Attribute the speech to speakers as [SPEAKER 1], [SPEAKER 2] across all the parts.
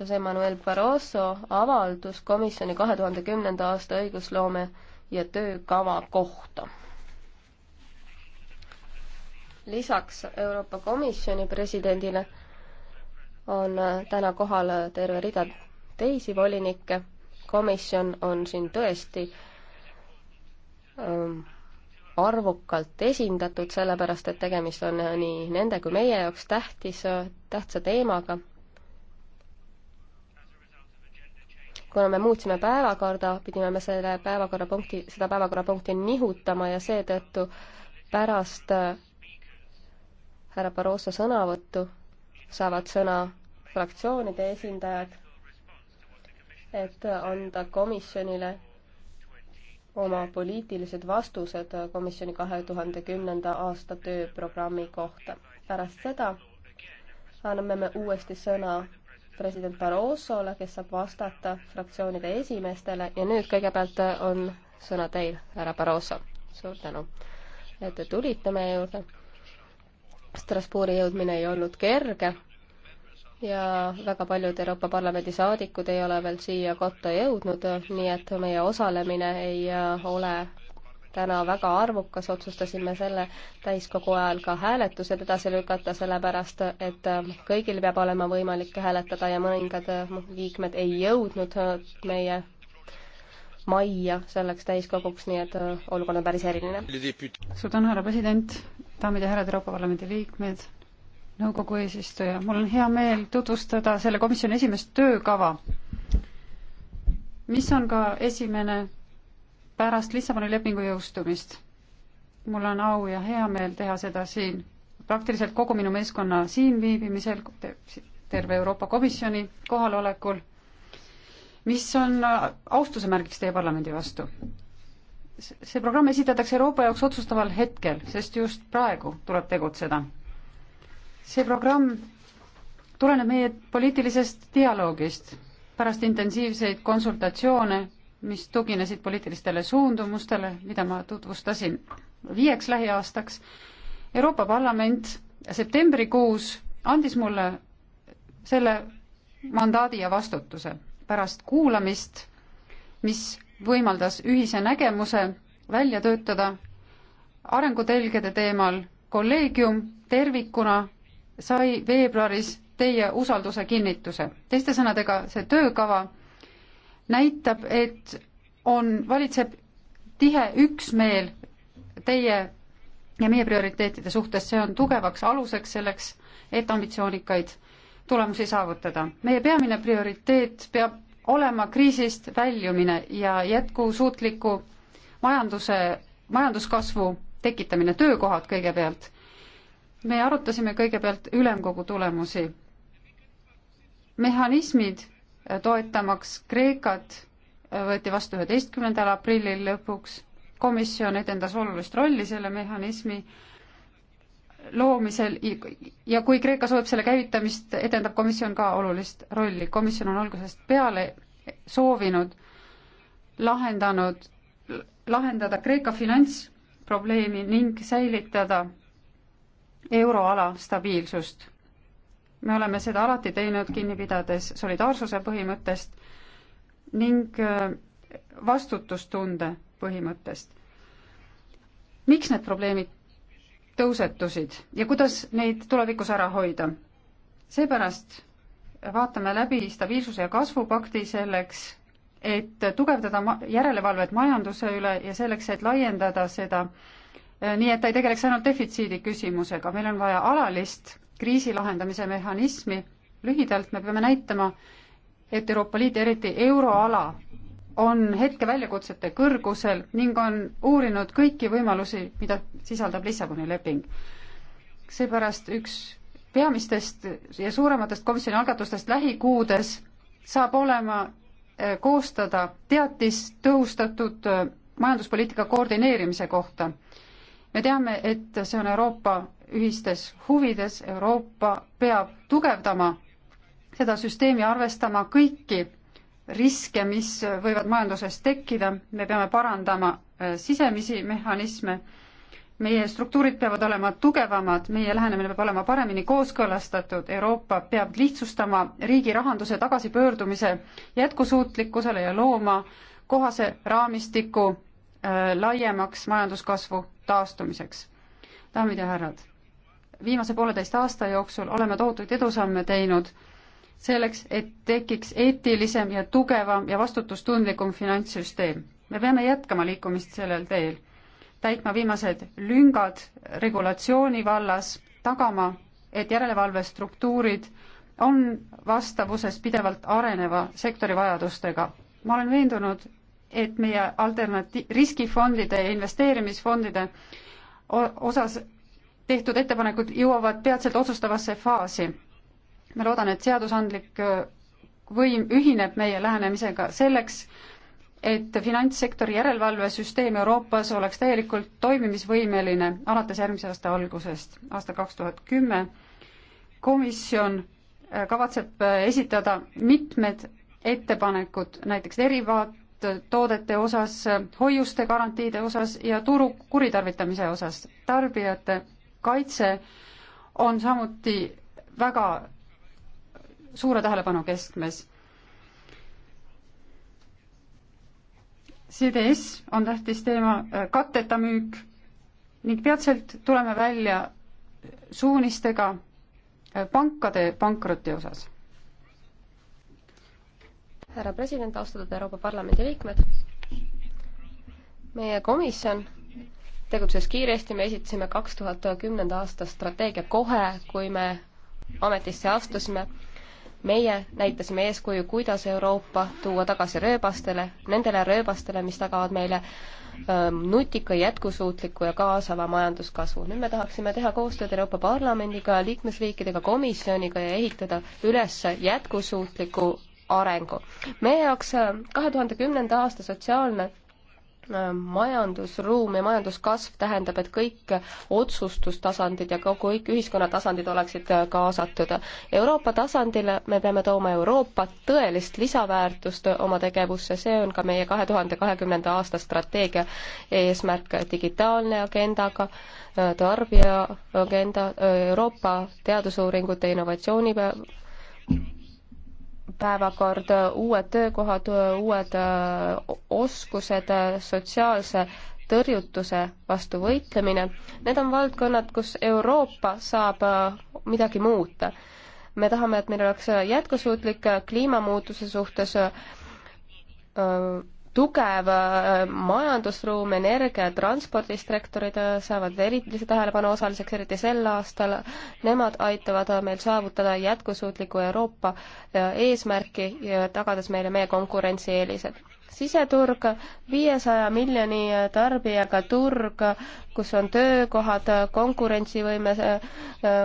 [SPEAKER 1] Jose Manuel Barroso avaldus komisjoni kahe tuhande kümnenda aasta õigusloome ja töökava kohta. lisaks Euroopa Komisjoni presidendile on täna kohal terve rida teisi volinikke. komisjon on siin tõesti ähm, arvukalt esindatud, sellepärast et tegemist on nii nende kui meie jaoks tähtis, tähtsa teemaga kuna me muutsime päevakorda, pidime me selle päevakorrapunkti, seda päevakorrapunkti nihutama ja seetõttu pärast äh, härra Barroso sõnavõttu saavad sõna fraktsioonide esindajad, et anda komisjonile oma poliitilised vastused komisjoni kahe tuhande kümnenda aasta tööprogrammi kohta. pärast seda anname me uuesti sõna president Barrosole, kes saab vastata fraktsioonide esimeestele ja nüüd kõigepealt on sõna teil, härra Barroso. suur tänu, et te tulite meie juurde. Strasbourgi jõudmine ei olnud kerge ja väga paljud Euroopa Parlamendi saadikud ei ole veel siia kotta jõudnud, nii et meie osalemine ei ole täna väga arvukas, otsustasime selle täiskogu ajal ka hääletused edasi lükata, sellepärast et ähm, kõigil peab olema võimalik hääletada ja mõningad äh, liikmed ei jõudnud äh, meie majja selleks täiskoguks, nii et äh, olukord on päris eriline. suur tänu, härra president, daamid ja härrad
[SPEAKER 2] Euroopa Parlamendi liikmed, nõukogu eesistuja, mul on hea meel tutvustada selle komisjoni esimest töökava, mis on ka esimene pärast Lissaboni lepingu jõustumist. mul on au ja hea meel teha seda siin praktiliselt kogu minu meeskonna siinviibimisel, terve Euroopa Komisjoni kohalolekul, mis on austuse märgiks teie parlamendi vastu. see programm esitatakse Euroopa jaoks otsustaval hetkel, sest just praegu tuleb tegutseda. see programm tuleneb meie poliitilisest dialoogist pärast intensiivseid konsultatsioone mis tuginesid poliitilistele suundumustele, mida ma tutvustasin viieks lähiaastaks. Euroopa Parlament septembrikuus andis mulle selle mandaadi ja vastutuse pärast kuulamist, mis võimaldas ühise nägemuse välja töötada arengutelgede teemal. kolleegium tervikuna sai veebruaris teie usalduse kinnituse. teiste sõnadega, see töökava näitab, et on, valitseb tihe üksmeel teie ja meie prioriteetide suhtes, see on tugevaks aluseks selleks, et ambitsioonikaid tulemusi saavutada. meie peamine prioriteet peab olema kriisist väljumine ja jätkusuutliku majanduse, majanduskasvu tekitamine, töökohad kõigepealt. me arutasime kõigepealt ülemkogu tulemusi. mehhanismid toetamaks Kreekat, võeti vastu üheteistkümnendal aprillil lõpuks, komisjon edendas olulist rolli selle mehhanismi loomisel ja kui Kreeka soovib selle käivitamist, edendab komisjon ka olulist rolli. komisjon on algusest peale soovinud, lahendanud, lahendada Kreeka finantsprobleemi ning säilitada euroala stabiilsust me oleme seda alati teinud, kinni pidades solidaarsuse põhimõttest ning äh, vastutustunde põhimõttest. miks need probleemid tõusetusid ja kuidas neid tulevikus ära hoida? seepärast vaatame läbi stabiilsuse ja kasvupakti selleks, et tugevdada ma-, järelevalvet majanduse üle ja selleks, et laiendada seda äh, nii, et ta ei tegeleks ainult defitsiidi küsimusega, meil on vaja alalist kriisi lahendamise mehhanismi. lühidalt me peame näitama, et Euroopa Liit ja eriti euroala on hetke väljakutsete kõrgusel ning on uurinud kõiki võimalusi, mida sisaldab Lissaboni leping. seepärast üks peamistest ja suurematest komisjoni algatustest lähikuudes saab olema eh, koostada teatis tõhustatud eh, majanduspoliitika koordineerimise kohta. me teame, et see on Euroopa ühistes huvides, Euroopa peab tugevdama seda süsteemi, arvestama kõiki riske, mis võivad majanduses tekkida, me peame parandama äh, sisemisi mehhanisme, meie struktuurid peavad olema tugevamad, meie lähenemine peab olema paremini kooskõlastatud, Euroopa peab lihtsustama riigi rahanduse tagasipöördumise jätkusuutlikkusele ja looma kohase raamistiku äh, laiemaks majanduskasvu taastumiseks. daamid ja härrad viimase pooleteist aasta jooksul oleme tohutuid edusamme teinud selleks, et tekiks eetilisem ja tugevam ja vastutustundlikum finantssüsteem. me peame jätkama liikumist sellel teel, täitma viimased lüngad regulatsiooni vallas, tagama, et järelevalvestruktuurid on vastavuses pidevalt areneva sektori vajadustega. ma olen veendunud, et meie alternati-, riskifondide ja investeerimisfondide osas tehtud ettepanekud jõuavad peatselt otsustavasse faasi. ma loodan, et seadusandlik äh, võim ühineb meie lähenemisega selleks, et finantssektori järelevalvesüsteem Euroopas oleks täielikult toimimisvõimeline alates järgmise aasta algusest, aasta kaks tuhat kümme. komisjon äh, kavatseb äh, esitada mitmed ettepanekud, näiteks erivaattoodete osas, hoiuste garantiide osas ja turu kuritarvitamise osas. tarbijate kaitse on samuti väga suure tähelepanu keskmes. CDS on tähtis teema, katteta müük ning peatselt tuleme välja suunistega pankade pankroti osas.
[SPEAKER 1] härra president, austatud Euroopa Parlamendi liikmed, meie komisjon tegutses kiiresti, me esitasime kaks tuhat kümnenda aasta strateegia kohe, kui me ametisse astusime. meie näitasime eeskuju, kuidas Euroopa tuua tagasi rööbastele, nendele rööbastele, mis tagavad meile ähm, nutika, jätkusuutliku ja kaasava majanduskasvu. nüüd me tahaksime teha koostööd Euroopa Parlamendiga, liikmesriikidega, komisjoniga ja ehitada üles jätkusuutliku arengu. meie jaoks äh, kahe tuhande kümnenda aasta sotsiaalne Äh, majandusruum ja majanduskasv tähendab, et kõik otsustustasandid ja ka kõik ühiskonna tasandid oleksid äh, kaasatud. Euroopa tasandile me peame tooma Euroopa tõelist lisaväärtust oma tegevusse, see on ka meie kahe tuhande kahekümnenda aasta strateegia eesmärk digitaalne agendaga, äh, tarbija agenda, Euroopa teadusuuringute innovatsiooni päevakord, uued töökohad, uued oskused, sotsiaalse tõrjutuse vastu võitlemine, need on valdkonnad, kus Euroopa saab midagi muuta. me tahame, et meil oleks jätkusuutlik kliimamuutuse suhtes tugev äh, majandusruum, energia- ja transpordisektorid äh, saavad erilise tähelepanu osaliseks, eriti sel aastal. Nemad aitavad äh, meil saavutada jätkusuutliku Euroopa eesmärki, tagades meile meie konkurentsieelised. siseturg, viiesaja miljoni tarbijaga turg, kus on töökohad, konkurentsivõime,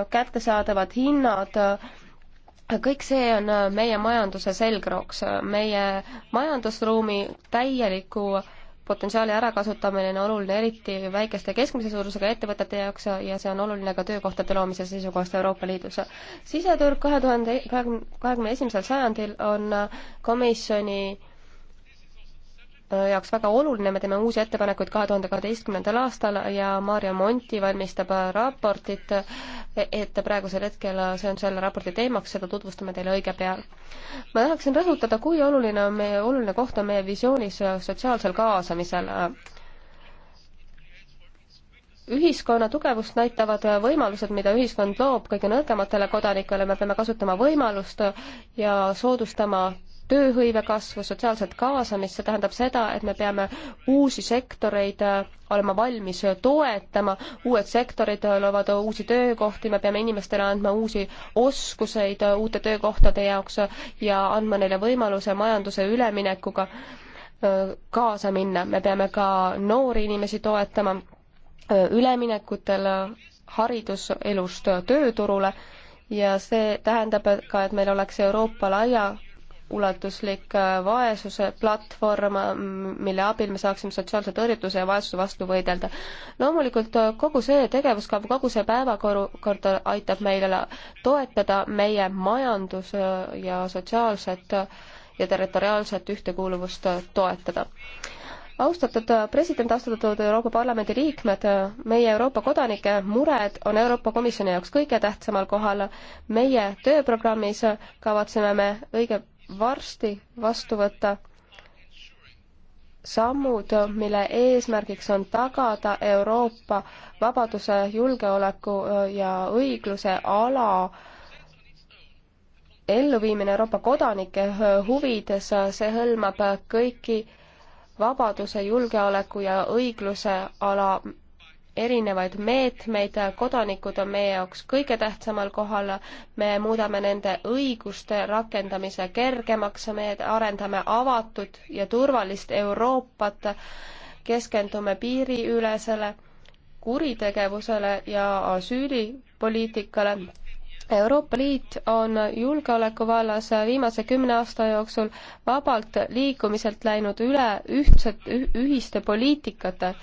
[SPEAKER 1] kättesaadavad hinnad kõik see on äh, meie majanduse selgrooks, äh, meie majandusruumi täieliku potentsiaali ärakasutamine on oluline eriti väikeste keskmise suurusega ettevõtete jaoks ja see on oluline ka töökohtade loomise seisukohast Euroopa Liidus. siseturg kahe tuhande kahekümne esimesel sajandil on äh, komisjoni jaoks väga oluline, me teeme uusi ettepanekuid kahe tuhande kaheteistkümnendal aastal ja Maarja Monti valmistab raportit ette praegusel hetkel, see on selle raporti teemaks, seda tutvustame teile õige pea. ma tahaksin rõhutada, kui oluline on meie, oluline koht on meie visioonis sotsiaalsel kaasamisel ühiskonna tugevust näitavad võimalused, mida ühiskond loob kõige nõrgematele kodanikele, me peame kasutama võimalust ja soodustama tööhõive kasvu, sotsiaalset kaasamist, see tähendab seda, et me peame uusi sektoreid äh, olema valmis toetama, uued sektorid äh, loovad äh, uusi töökohti, me peame inimestele andma uusi oskuseid uute töökohtade jaoks ja andma neile võimaluse majanduse üleminekuga kaasa minna, me peame ka noori inimesi toetama üleminekutel hariduselust tööturule ja see tähendab ka, et meil oleks Euroopa laia ulatuslik äh, vaesuse platvorm, mille abil me saaksime sotsiaalse tõrjutuse ja vaesuse vastu võidelda. loomulikult äh, kogu see tegevuskava, kogu see päevakord aitab meile toetada meie majandus- äh, ja sotsiaalset ja territoriaalset ühtekuuluvust toetada austatud president, austatud Euroopa Parlamendi liikmed, meie Euroopa kodanike mured on Euroopa Komisjoni jaoks kõige tähtsamal kohal. meie tööprogrammis kavatseme me õige varsti vastu võtta sammud, mille eesmärgiks on tagada Euroopa vabaduse, julgeoleku ja õigluse ala elluviimine Euroopa kodanike huvides, see hõlmab kõiki vabaduse, julgeoleku ja õigluse ala erinevaid meetmeid, kodanikud on meie jaoks kõige tähtsamal kohal, me muudame nende õiguste rakendamise kergemaks, me arendame avatud ja turvalist Euroopat, keskendume piiriülesele kuritegevusele ja asüülipoliitikale. Euroopa Liit on julgeoleku vallas viimase kümne aasta jooksul vabalt liikumiselt läinud üle ühtset, ühiste poliitikate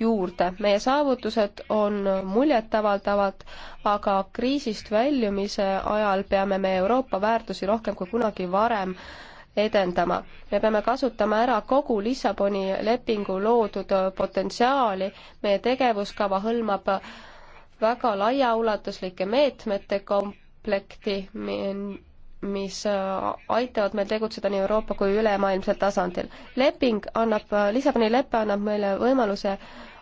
[SPEAKER 1] juurde. meie saavutused on muljetavaldavad, aga kriisist väljumise ajal peame me Euroopa väärtusi rohkem kui kunagi varem edendama. me peame kasutama ära kogu Lissaboni lepingu loodud potentsiaali, meie tegevuskava hõlmab väga laiaulatuslike meetmete komplekti, mis äh, aitavad meil tegutseda nii Euroopa kui ülemaailmsel tasandil. leping annab, äh, Lissaboni lepe annab meile võimaluse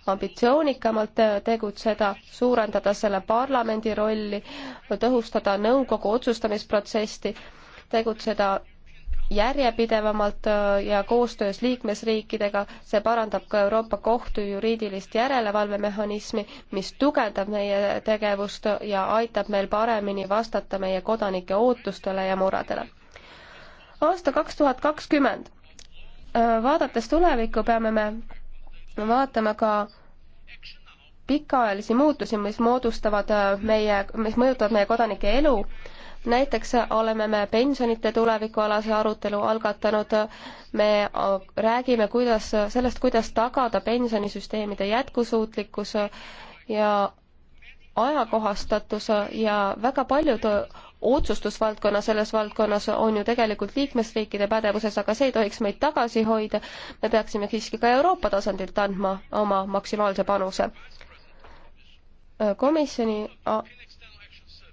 [SPEAKER 1] ambitsioonikamalt äh, tegutseda, suurendada selle parlamendi rolli, tõhustada nõukogu otsustamisprotsessi, tegutseda järjepidevamalt äh, ja koostöös liikmesriikidega, see parandab ka Euroopa Kohtu juriidilist järelevalvemehhanismi, mis tugevdab meie tegevust ja aitab meil paremini vastata meie kodanike ootustele ja muredele. aasta kaks tuhat kakskümmend. Äh, vaadates tulevikku, peame me vaatama ka pikaajalisi muutusi, mis moodustavad äh, meie, mis mõjutavad meie kodanike elu näiteks oleme me pensionite tulevikualase arutelu algatanud, me räägime, kuidas, sellest, kuidas tagada pensionisüsteemide jätkusuutlikkus ja ajakohastatus ja väga paljud otsustusvaldkonna selles valdkonnas on ju tegelikult liikmesriikide pädevuses, aga see ei tohiks meid tagasi hoida. me peaksime siiski ka Euroopa tasandilt andma oma maksimaalse panuse. komisjoni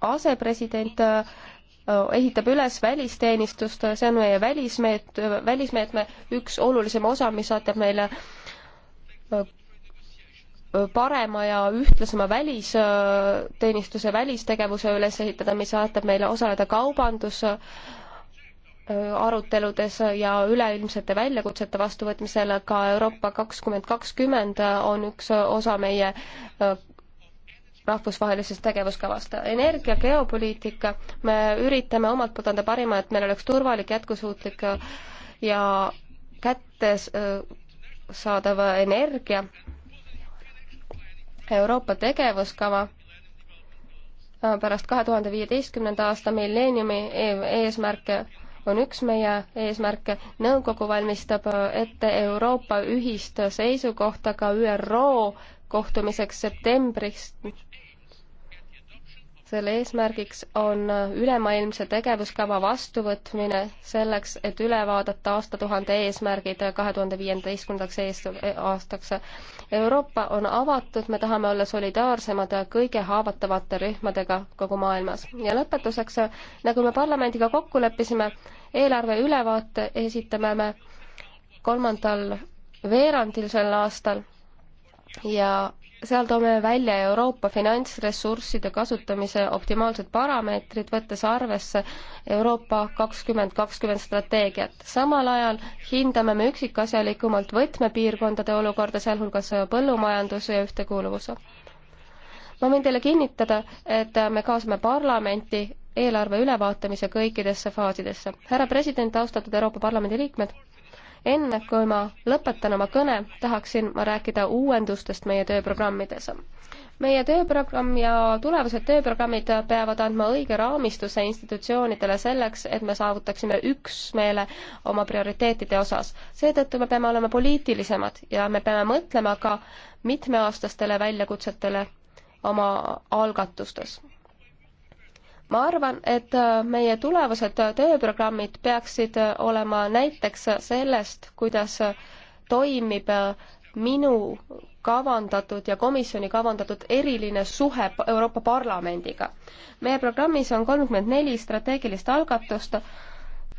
[SPEAKER 1] asepresident äh, ehitab üles välisteenistust, see on meie välismeet-, välismeetme üks olulisem osa, mis aitab meile äh, äh, parema ja ühtlasema välisteenistuse välistegevuse üles ehitada, mis aitab meile osaleda kaubandus aruteludes ja üleilmsete väljakutsete vastuvõtmisel, ka Euroopa kakskümmend kakskümmend on üks osa meie rahvusvahelisest tegevuskavast. energia, geopoliitika, me üritame omalt poolt anda parima, et meil oleks turvalik, jätkusuutlik ja kättesaadav äh, energia. Euroopa tegevuskava äh, pärast kahe tuhande viieteistkümnenda aasta milleeniumi eesmärke on üks meie eesmärke. nõukogu valmistab äh, ette Euroopa ühist seisukohta ka ÜRO kohtumiseks septembriks. selle eesmärgiks on ülemaailmse tegevuskava vastuvõtmine selleks, et üle vaadata aastatuhande eesmärgid kahe tuhande viieteistkümnendaks aastaks. Euroopa on avatud, me tahame olla solidaarsemad kõige haavatavate rühmadega kogu maailmas. ja lõpetuseks, nagu me parlamendiga kokku leppisime, eelarve ülevaate esitame me kolmandal veerandil sel aastal ja seal toome välja Euroopa finantsressursside kasutamise optimaalsed parameetrid, võttes arvesse Euroopa kakskümmend kakskümmend strateegiat. samal ajal hindame me üksikasjalikumalt võtmepiirkondade olukorda, sealhulgas põllumajanduse ja ühtekuuluvuse. ma võin teile kinnitada, et me kaasame parlamenti eelarve ülevaatamise kõikidesse faasidesse. härra president, austatud Euroopa Parlamendi liikmed enne kui ma lõpetan oma kõne, tahaksin ma rääkida uuendustest meie tööprogrammides. meie tööprogramm ja tulevased tööprogrammid peavad andma õige raamistuse institutsioonidele selleks, et me saavutaksime üksmeele oma prioriteetide osas. seetõttu me peame olema poliitilisemad ja me peame mõtlema ka mitmeaastastele väljakutsetele oma algatustes ma arvan, et äh, meie tulevased äh, tööprogrammid peaksid äh, olema näiteks sellest, kuidas toimib minu kavandatud ja komisjoni kavandatud eriline suhe Euroopa Parlamendiga. meie programmis on kolmkümmend neli strateegilist algatust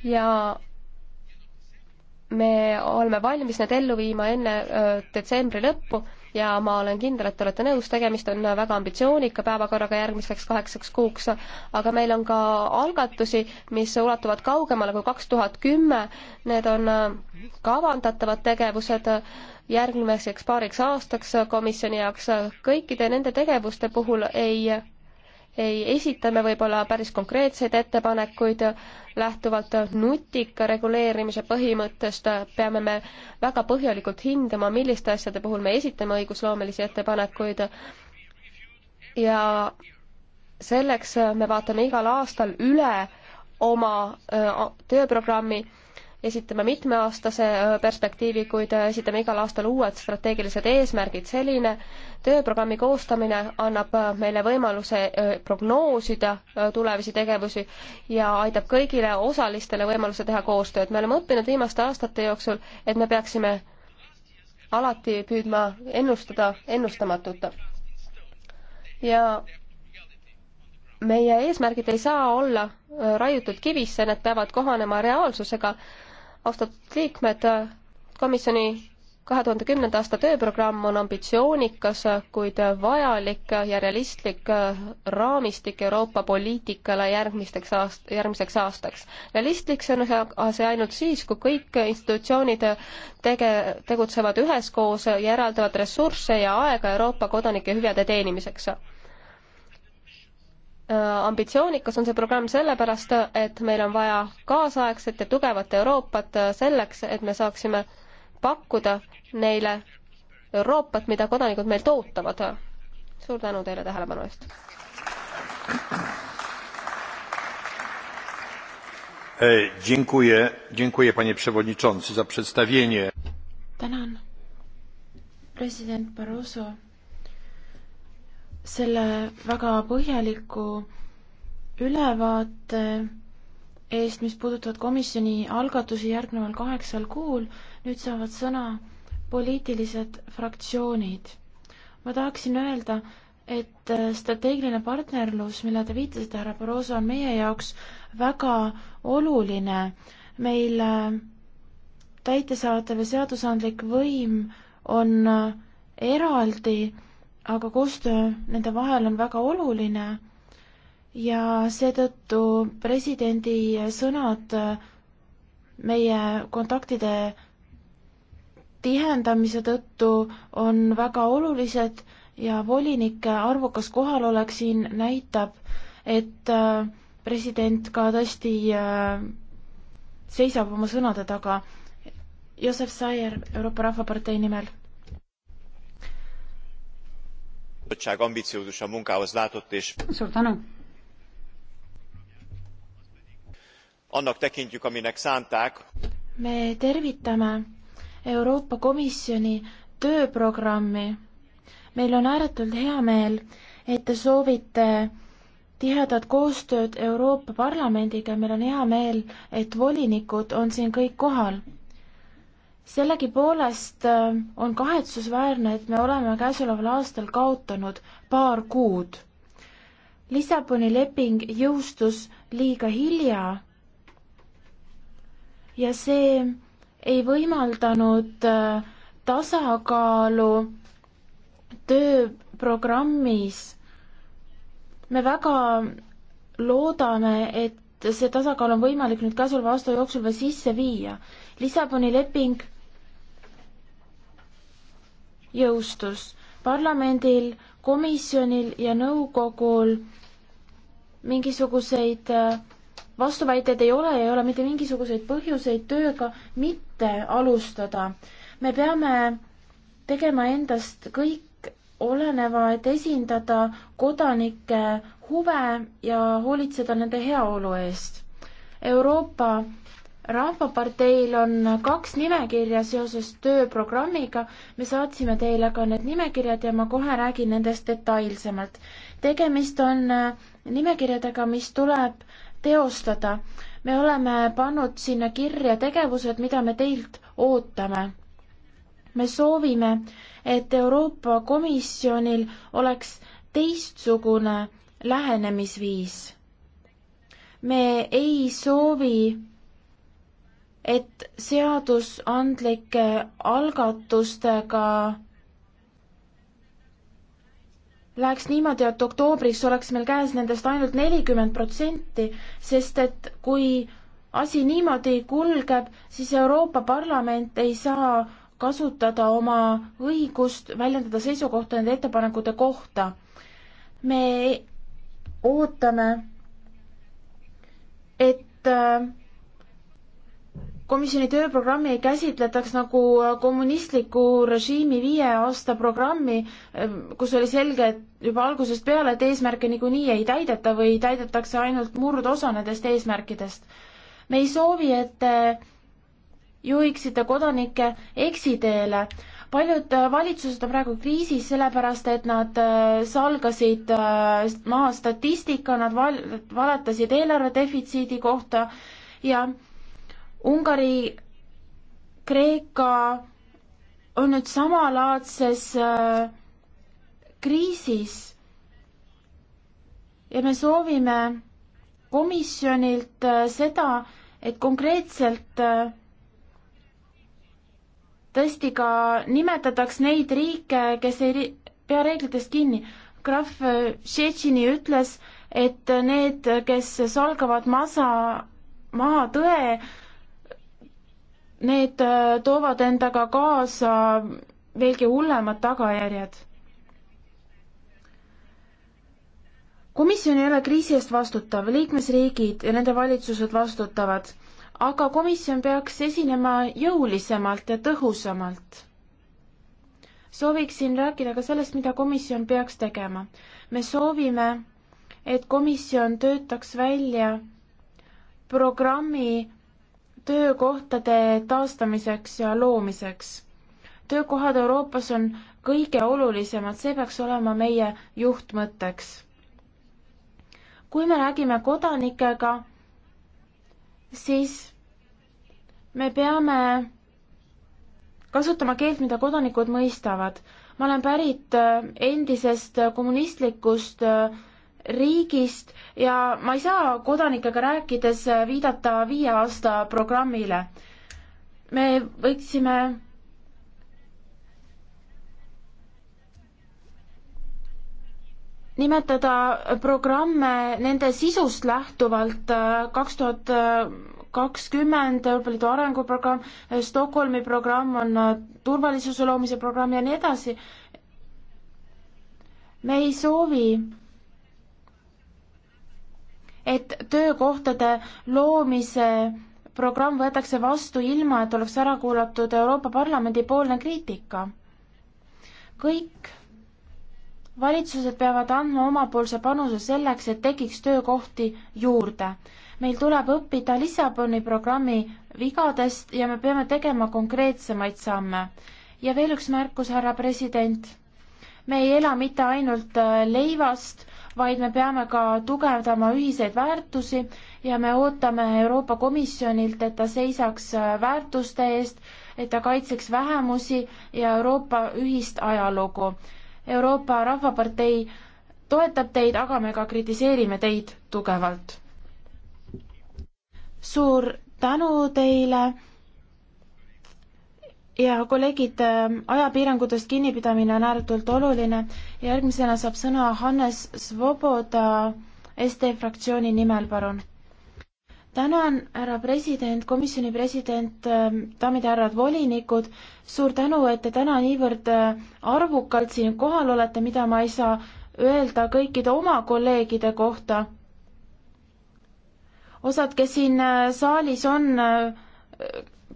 [SPEAKER 1] ja me oleme valmis need ellu viima enne detsembri lõppu ja ma olen kindel, et te olete nõus, tegemist on väga ambitsioonika päevakorraga järgmiseks kaheksaks kuuks, aga meil on ka algatusi, mis ulatuvad kaugemale kui kaks tuhat kümme, need on kavandatavad tegevused järgmiseks paariks aastaks komisjoni jaoks, kõikide nende tegevuste puhul ei ei esita me võib-olla päris konkreetseid ettepanekuid, lähtuvalt nutika reguleerimise põhimõttest peame me väga põhjalikult hindama, milliste asjade puhul me esitame õigusloomelisi ettepanekuid ja selleks me vaatame igal aastal üle oma tööprogrammi esitame mitmeaastase äh, perspektiivi, kuid äh, esitame igal aastal uued strateegilised eesmärgid. selline tööprogrammi koostamine annab äh, meile võimaluse prognoosida tulevasi tegevusi ja aitab kõigile osalistele võimaluse teha koostööd. me oleme õppinud viimaste aastate jooksul, et me peaksime alati püüdma ennustada ennustamatut. ja meie eesmärgid ei saa olla raiutud kivisse, need peavad kohanema reaalsusega austatud liikmed, komisjoni kahe tuhande kümnenda aasta tööprogramm on ambitsioonikas, kuid vajalik ja realistlik raamistik Euroopa poliitikale järgmisteks aast-, järgmiseks aastaks. realistlik see on see ainult siis, kui kõik institutsioonid tege-, tegutsevad üheskoos ja eraldavad ressursse ja aega Euroopa kodanike hüvede teenimiseks Äh, ambitsioonikas on see programm sellepärast, et meil on vaja kaasaegset ja tugevat Euroopat äh, selleks, et me saaksime pakkuda neile Euroopat, mida kodanikud meilt ootavad. suur tänu teile tähelepanu eest! E,
[SPEAKER 2] dziękuję, dziękuję panie przewodniczący za przedstawienie.
[SPEAKER 3] Tänan, president Barroso selle väga põhjaliku ülevaate eest, mis puudutavad komisjoni algatusi järgneval kaheksal kuul. nüüd saavad sõna poliitilised fraktsioonid. ma tahaksin öelda, et strateegiline partnerlus, mille te viitasite, härra Barroso, on meie jaoks väga oluline. meil äh, täitesaatev ja seadusandlik võim on äh, eraldi aga koostöö nende vahel on väga oluline ja seetõttu presidendi sõnad meie kontaktide tihendamise tõttu on väga olulised ja volinike arvukas kohalolek siin näitab, et äh, president ka tõesti äh, seisab oma sõnade taga. Josef Saier Euroopa Rahvapartei nimel
[SPEAKER 2] bizottság ambiciózusabb munkához látott és annak tekintjük aminek szánták.
[SPEAKER 3] me tervitame euroopa komisjoni tööprogrammi meil on ääretult hea meel et te soovite tihedat koostööd Euroopa Parlamendiga, meil on hea meel, et volinikud on siin kõik kohal sellegipoolest äh, on kahetsusväärne, et me oleme käesoleval aastal kaotanud paar kuud. Lissaboni leping jõustus liiga hilja ja see ei võimaldanud äh, tasakaalu tööprogrammis. me väga loodame, et see tasakaal on võimalik nüüd käesoleva aasta jooksul veel sisse viia. Lissaboni leping jõustus. parlamendil, komisjonil ja nõukogul mingisuguseid äh, vastuväiteid ei ole ja ei ole mitte mingisuguseid põhjuseid tööga mitte alustada. me peame tegema endast kõik oleneva, et esindada kodanike huve ja hoolitseda nende heaolu eest. Euroopa rahvaparteil on kaks nimekirja seoses tööprogrammiga, me saatsime teile ka need nimekirjad ja ma kohe räägin nendest detailsemalt. tegemist on äh, nimekirjadega, mis tuleb teostada. me oleme pannud sinna kirja tegevused, mida me teilt ootame. me soovime, et Euroopa Komisjonil oleks teistsugune lähenemisviis. me ei soovi et seadusandlike algatustega läheks niimoodi, et oktoobriks oleks meil käes nendest ainult nelikümmend protsenti, sest et kui asi niimoodi kulgeb, siis Euroopa Parlament ei saa kasutada oma õigust väljendada seisukohta nende ettepanekute kohta. me ootame, et äh, komisjoni tööprogrammi ei käsitletaks nagu äh, kommunistliku režiimi viie aasta programmi, äh, kus oli selge, et juba algusest peale, et eesmärke niikuinii ei täideta või täidetakse ainult murdosa nendest eesmärkidest. me ei soovi, et te juhiksite kodanikke eksiteele. paljud äh, valitsused on praegu kriisis sellepärast, et nad salgasid maha statistika, nad valetasid eelarve defitsiidi kohta ja Ungari, Kreeka on nüüd samalaadses äh, kriisis ja me soovime komisjonilt äh, seda, et konkreetselt äh, tõesti ka nimetataks neid riike, kes ei pea reeglitest kinni. Graf Šetšini ütles, et need, kes solgavad masa maha tõe, need äh, toovad endaga kaasa veelgi hullemad tagajärjed. komisjon ei ole kriisi eest vastutav, liikmesriigid ja nende valitsused vastutavad, aga komisjon peaks esinema jõulisemalt ja tõhusamalt. sooviksin rääkida ka sellest, mida komisjon peaks tegema. me soovime, et komisjon töötaks välja programmi töökohtade taastamiseks ja loomiseks. töökohad Euroopas on kõige olulisemad, see peaks olema meie juhtmõtteks. kui me räägime kodanikega, siis me peame kasutama keelt, mida kodanikud mõistavad. ma olen pärit äh, endisest äh, kommunistlikust äh, riigist ja ma ei saa kodanikega rääkides viidata viie aasta programmile. me võiksime nimetada programme nende sisust lähtuvalt äh, kaks tuhat äh, kakskümmend Euroopa Liidu arenguprogramm, äh, Stockholmi programm on turvalisuse loomise programm ja nii edasi. me ei soovi et töökohtade loomise programm võetakse vastu ilma, et oleks ära kuulatud Euroopa Parlamendi poolne kriitika. kõik valitsused peavad andma omapoolse panuse selleks, et tekiks töökohti juurde. meil tuleb õppida Lissaboni programmi vigadest ja me peame tegema konkreetsemaid samme. ja veel üks märkus, härra president. me ei ela mitte ainult äh, leivast vaid me peame ka tugevdama ühiseid väärtusi ja me ootame Euroopa Komisjonilt, et ta seisaks äh, väärtuste eest, et ta kaitseks vähemusi ja Euroopa ühist ajalugu. Euroopa Rahvapartei toetab teid, aga me ka kritiseerime teid tugevalt. suur tänu teile ja kolleegid, äh, ajapiirangutest kinnipidamine on ääretult oluline. järgmisena saab sõna Hannes Svoboda SD fraktsiooni nimel, palun. tänan, härra president, komisjoni president, äh, daamid ja härrad volinikud, suur tänu, et te täna niivõrd äh, arvukalt siin kohal olete, mida ma ei saa öelda kõikide oma kolleegide kohta. osad, kes siin saalis on,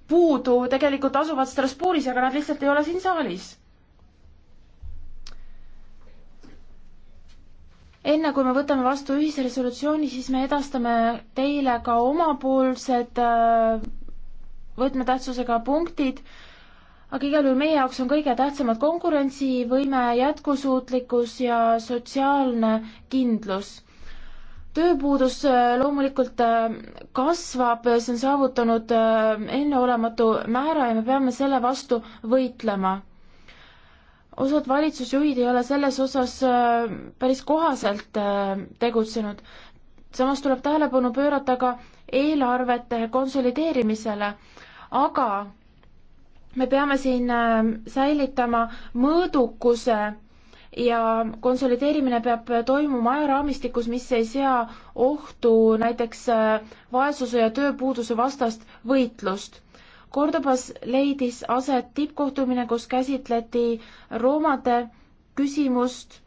[SPEAKER 3] puudu tegelikult asuvad Strasbourgis, aga nad lihtsalt ei ole siin saalis. enne kui me võtame vastu ühise resolutsiooni, siis me edastame teile ka omapoolsed äh, võtmetähtsusega punktid, aga igal juhul meie jaoks on kõige tähtsamad konkurentsivõime, jätkusuutlikkus ja sotsiaalne kindlus tööpuudus äh, loomulikult äh, kasvab, see on saavutanud äh, enneolematu määra ja me peame selle vastu võitlema. osad valitsusjuhid ei ole selles osas päris kohaselt tegutsenud. samas tuleb tähelepanu pöörata ka eelarvete konsolideerimisele, aga me peame siin säilitama mõõdukuse ja konsolideerimine peab toimuma ajaraamistikus, mis ei sea ohtu näiteks äh, vaesuse ja tööpuuduse vastast võitlust. Kordobas leidis aset tippkohtumine, kus käsitleti roomade küsimust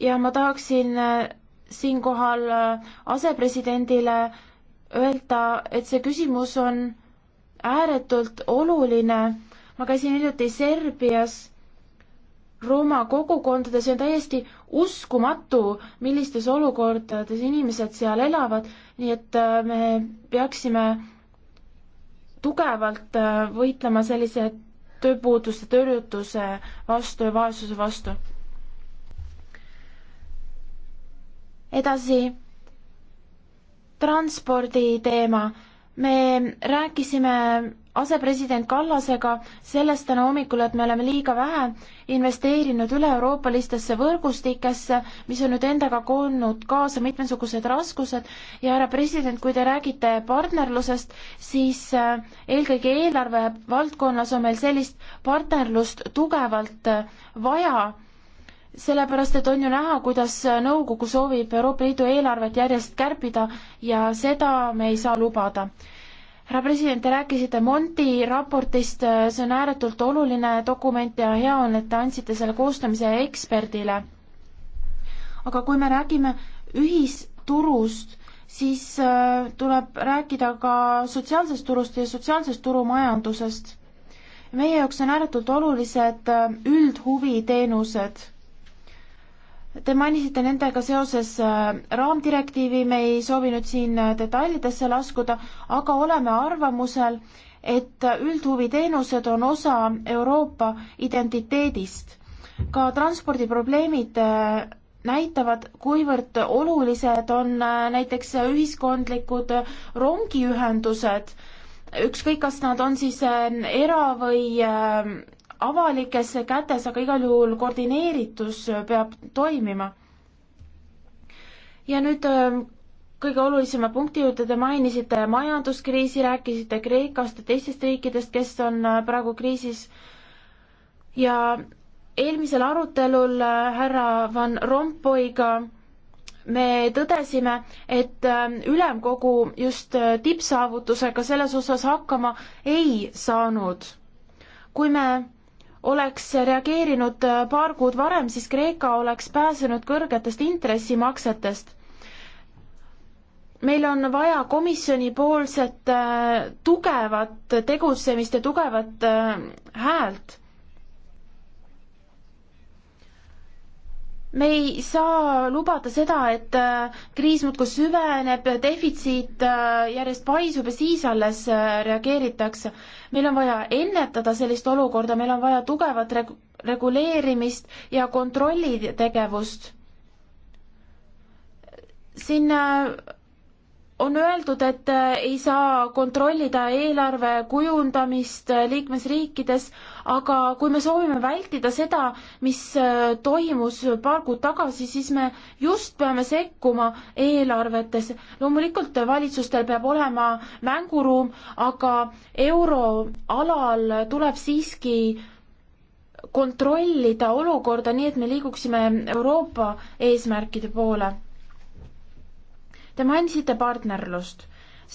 [SPEAKER 3] ja ma tahaksin äh, siinkohal äh, asepresidendile öelda, et see küsimus on ääretult oluline. ma käisin hiljuti Serbias Rooma kogukondades ja on täiesti uskumatu, millistes olukordades inimesed seal elavad, nii et äh, me peaksime tugevalt äh, võitlema sellise tööpuuduse, töötuse vastu ja vaesuse vastu. edasi, transpordi teema. me rääkisime asepresident Kallasega sellest täna hommikul, et me oleme liiga vähe investeerinud üle-euroopalistesse võrgustikesse, mis on nüüd endaga koondnud kaasa mitmesugused raskused ja härra president, kui te räägite partnerlusest, siis äh, eelkõige eelarve valdkonnas on meil sellist partnerlust tugevalt äh, vaja, sellepärast et on ju näha, kuidas äh, nõukogu soovib Euroopa Liidu eelarvet järjest kärpida ja seda me ei saa lubada härra president, te rääkisite Monti raportist, see on ääretult oluline dokument ja hea on, et te andsite selle koostamise eksperdile. aga kui me räägime ühisturust, siis äh, tuleb rääkida ka sotsiaalsest turust ja sotsiaalsest turumajandusest. meie jaoks on ääretult olulised äh, üldhuviteenused Te mainisite nendega seoses äh, raamdirektiivi, me ei soovinud siin äh, detailidesse laskuda, aga oleme arvamusel, et üldhuviteenused on osa Euroopa identiteedist. ka transpordiprobleemid äh, näitavad, kuivõrd olulised on näiteks ühiskondlikud rongiühendused, ükskõik, kas nad on siis era- või avalikes kätes, aga igal juhul koordineeritus peab toimima. ja nüüd ähm, kõige olulisema punkti juurde te mainisite majanduskriisi, rääkisite Kreekast ja teistest riikidest, kes on äh, praegu kriisis ja eelmisel arutelul äh, härra Van Rompuyga me tõdesime, et ähm, ülemkogu just äh, tippsaavutusega selles osas hakkama ei saanud. kui me oleks reageerinud paar kuud varem, siis Kreeka oleks pääsenud kõrgetest intressimaksetest. meil on vaja komisjonipoolset äh, tugevat tegutsemist ja tugevat äh, häält me ei saa lubada seda, et äh, kriis muudkui süveneb, defitsiit äh, järjest paisub ja siis alles äh, reageeritakse. meil on vaja ennetada sellist olukorda, meil on vaja tugevat reg-, reguleerimist ja kontrollitegevust. siin on öeldud, et äh, ei saa kontrollida eelarve kujundamist äh, liikmesriikides, aga kui me soovime vältida seda, mis äh, toimus paar kuud tagasi, siis me just peame sekkuma eelarvetes. loomulikult valitsustel peab olema mänguruum, aga euroalal tuleb siiski kontrollida olukorda nii, et me liiguksime Euroopa eesmärkide poole Te mainisite partnerlust.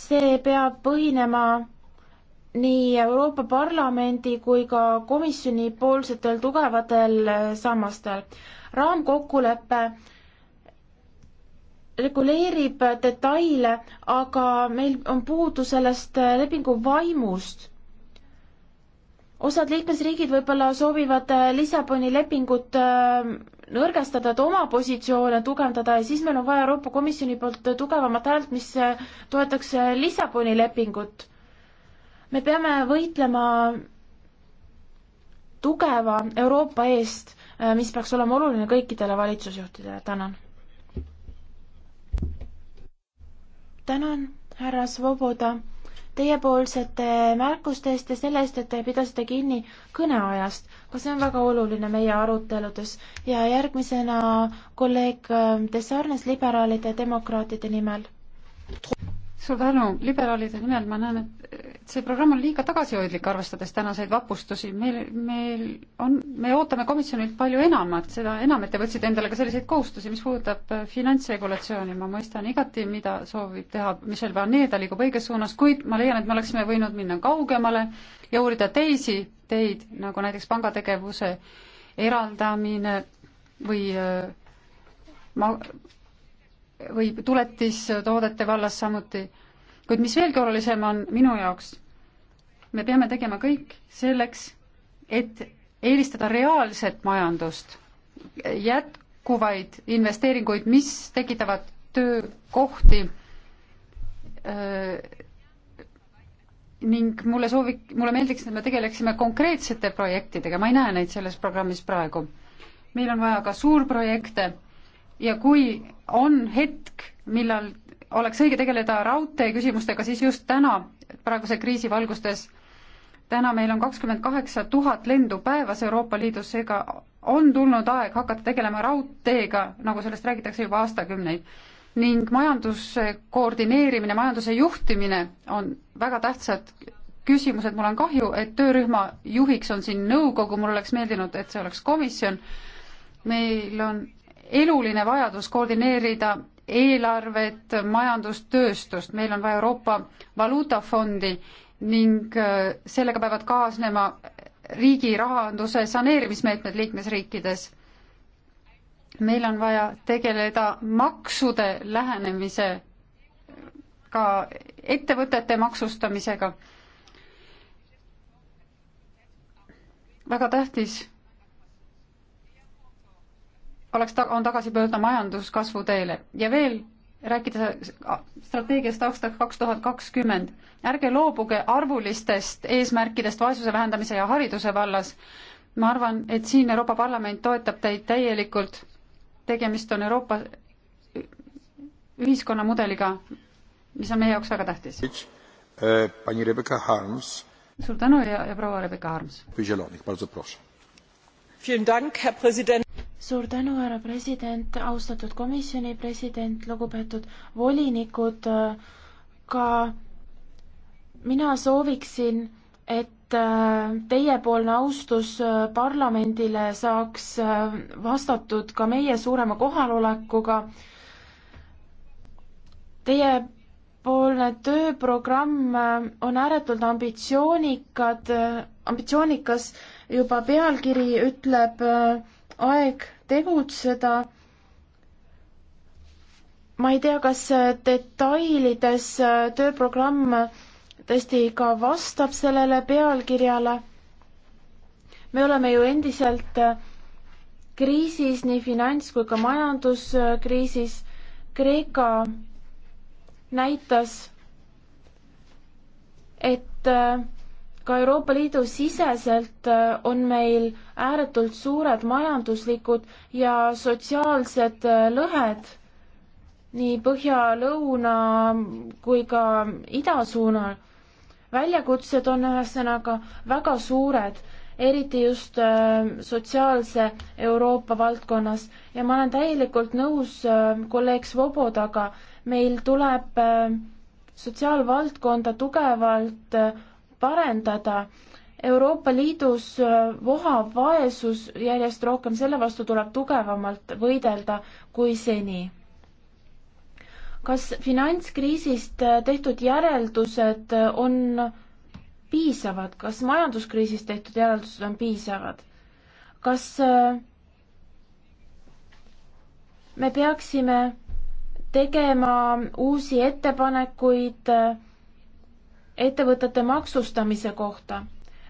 [SPEAKER 3] see peab põhinema nii Euroopa Parlamendi kui ka komisjoni poolsetel tugevatel äh, sammastel. raamkokkulepe reguleerib detaile, aga meil on puudu sellest äh, lepingu vaimust osad liikmesriigid võib-olla soovivad äh, Lissaboni lepingut äh, nõrgestada, et oma positsioone tugevdada ja siis meil on vaja Euroopa Komisjoni poolt tugevamat häält, mis äh, toetaks Lissaboni lepingut. me peame võitlema tugeva Euroopa eest, mis peaks olema oluline kõikidele valitsusjuhtidele, tänan. tänan, härra Svoboda teiepoolsete märkustest ja selle eest, et te pidasite kinni kõneajast. ka see on väga oluline meie aruteludes ja järgmisena kolleeg Desarnes liberaalide ja demokraatide nimel suur tänu, liberaalide nimel ma näen,
[SPEAKER 2] et see programm on liiga tagasihoidlik, arvestades tänaseid vapustusi, meil, meil on, me ootame komisjonilt palju enamat, seda enam, et te võtsite endale ka selliseid kohustusi, mis puudutab äh, finantsregulatsiooni, ma mõistan igati, mida soovib teha Michel Barnier, ta liigub õiges suunas, kuid ma leian, et me oleksime võinud minna kaugemale ja uurida teisi teid, nagu näiteks pangategevuse eraldamine või äh, ma või tuletistoodete vallas samuti. kuid mis veelgi olulisem on minu jaoks, me peame tegema kõik selleks, et eelistada reaalset majandust, jätkuvaid investeeringuid, mis tekitavad töökohti ning mulle soovik-, mulle meeldiks, et me tegeleksime konkreetsete projektidega, ma ei näe neid selles programmis praegu. meil on vaja ka suurprojekte ja kui on hetk, millal oleks õige tegeleda raudtee küsimustega, siis just täna, praeguse kriisi valgustes, täna meil on kakskümmend kaheksa tuhat lendu päevas Euroopa Liidus, seega on tulnud aeg hakata tegelema raudteega, nagu sellest räägitakse juba aastakümneid. ning majanduse koordineerimine, majanduse juhtimine on väga tähtsad küsimused, mul on kahju, et töörühma juhiks on siin nõukogu, mul oleks meeldinud, et see oleks komisjon, meil on eluline vajadus koordineerida eelarvet, majandust, tööstust, meil on vaja Euroopa Valuutafondi ning äh, sellega peavad kaasnema riigi rahanduse saneerimismeetmed liikmesriikides. meil on vaja tegeleda maksude lähenemise ka ettevõtete maksustamisega. väga tähtis oleks ta-, on tagasi pöördunud majanduskasvu teele ja veel rääkides strateegiast aastaks kaks tuhat kakskümmend, ärge loobuge arvulistest eesmärkidest vaesuse vähendamise ja hariduse vallas. ma arvan, et siin Euroopa Parlament toetab teid täielikult. tegemist on Euroopa ühiskonnamudeliga, mis on meie jaoks väga tähtis. pani Rebecca Harms.
[SPEAKER 3] suur tänu ja, ja proua Rebecca Harms. Herr Präsident! suur tänu, härra president, austatud komisjoni president, lugupeetud volinikud. ka mina sooviksin, et teiepoolne austus parlamendile saaks vastatud ka meie suurema kohalolekuga. Teie poolne tööprogramm on ääretult ambitsioonikad, ambitsioonikas, juba pealkiri ütleb äh, aeg tegutseda. ma ei tea, kas detailides tööprogramm tõesti ka vastab sellele pealkirjale. me oleme ju endiselt kriisis, nii finants kui ka majanduskriisis. Kreeka näitas, et äh, ka Euroopa Liidu siseselt äh, on meil ääretult suured majanduslikud ja sotsiaalsed äh, lõhed nii põhja-lõuna kui ka ida suunal. väljakutsed on ühesõnaga väga suured, eriti just äh, sotsiaalse Euroopa valdkonnas ja ma olen täielikult nõus kolleeg Svobodaga, meil tuleb sotsiaalvaldkonda tugevalt parendada. Euroopa Liidus äh, vohab vaesus järjest rohkem, selle vastu tuleb tugevamalt võidelda kui seni. kas finantskriisist äh, tehtud järeldused äh, on piisavad, kas majanduskriisist tehtud järeldused on piisavad? kas me peaksime tegema uusi ettepanekuid äh, ettevõtete maksustamise kohta.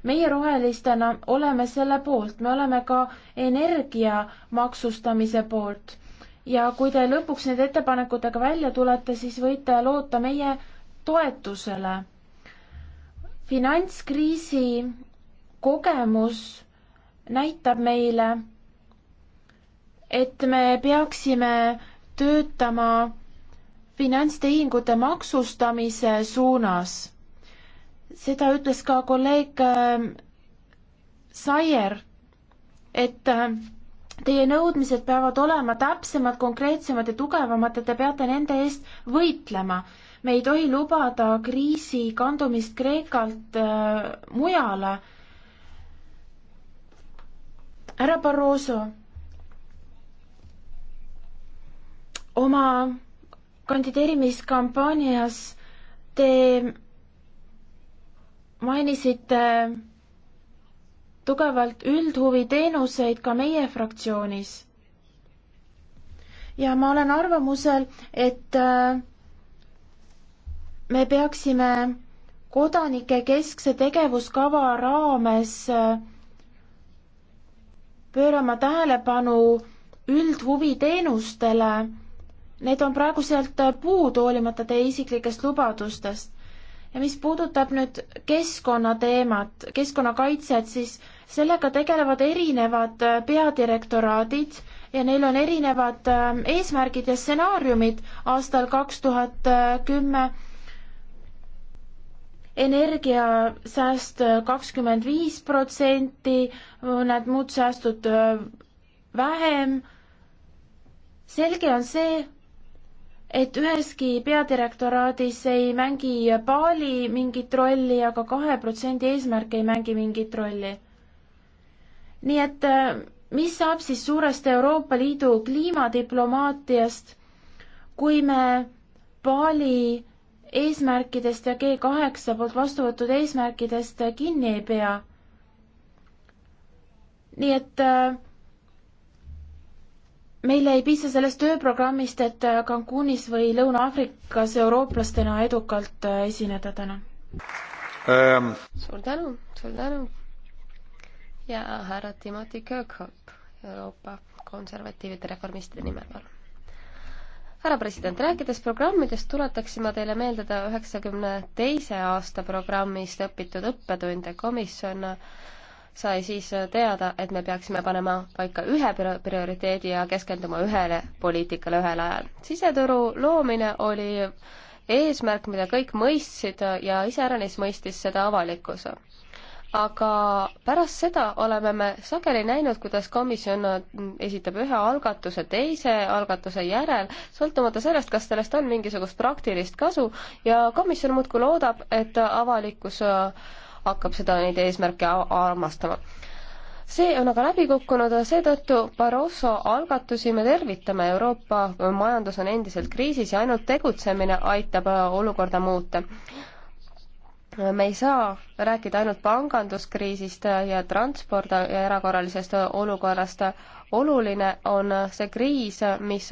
[SPEAKER 3] meie rohelistena oleme selle poolt, me oleme ka energia maksustamise poolt. ja kui te lõpuks nende ettepanekutega välja tulete, siis võite loota meie toetusele. finantskriisi kogemus näitab meile, et me peaksime töötama finantstehingute maksustamise suunas seda ütles ka kolleeg ähm, Saier, et ähm, teie nõudmised peavad olema täpsemad, konkreetsemad ja tugevamad ja te peate nende eest võitlema. me ei tohi lubada kriisi kandumist Kreekalt äh, mujale. härra Barroso, oma kandideerimiskampaanias te mainisite äh, tugevalt üldhuviteenuseid ka meie fraktsioonis. ja ma olen arvamusel, et äh, me peaksime kodanike keskse tegevuskava raames äh, pöörama tähelepanu üldhuviteenustele. Need on praegu sealt puudu, hoolimata teie isiklikest lubadustest ja mis puudutab nüüd keskkonnateemat, keskkonnakaitset, siis sellega tegelevad erinevad äh, peadirektoraadid ja neil on erinevad äh, eesmärgid ja stsenaariumid aastal kaks tuhat äh, kümme energiasääst kakskümmend viis protsenti, mõned muud säästud vähem. selge on see, et üheski peadirektoraadis ei mängi Paali mingit rolli aga, aga kahe protsendi eesmärk ei mängi mingit rolli. nii et äh, mis saab siis suurest Euroopa Liidu kliimadiplomaatiast, kui me Paali eesmärkidest ja G kaheksa poolt vastu võetud eesmärkidest kinni ei pea? nii et äh, meile ei piisa sellest tööprogrammist, et äh, Cancunis või Lõuna-Aafrikas eurooplastena edukalt äh, esineda täna ähm.. suur tänu, suur tänu.
[SPEAKER 1] ja härra Timothy Kirkhope Euroopa konservatiivide reformistide nimel, palun. härra president, rääkides programmidest, tuletaksin ma teile meelde ta üheksakümne teise aasta programmist õpitud õppetunde. komisjon sai siis teada, et me peaksime panema paika ühe prioriteedi ja keskenduma ühele poliitikale ühel ajal. siseturu loomine oli eesmärk, mida kõik mõistsid ja iseäranis mõistis seda avalikkus. aga pärast seda oleme me sageli näinud, kuidas komisjon esitab ühe algatuse teise algatuse järel, sõltumata sellest, kas sellest on mingisugust praktilist kasu ja komisjon muudkui loodab, et avalikkus hakkab seda, neid eesmärke armastama. see on aga läbi kukkunud, seetõttu Barroso algatusi me tervitame, Euroopa majandus on endiselt kriisis ja ainult tegutsemine aitab äh, olukorda muuta me ei saa rääkida ainult panganduskriisist äh, ja transporda ja erakorralisest äh, olukorrast. oluline on see kriis, mis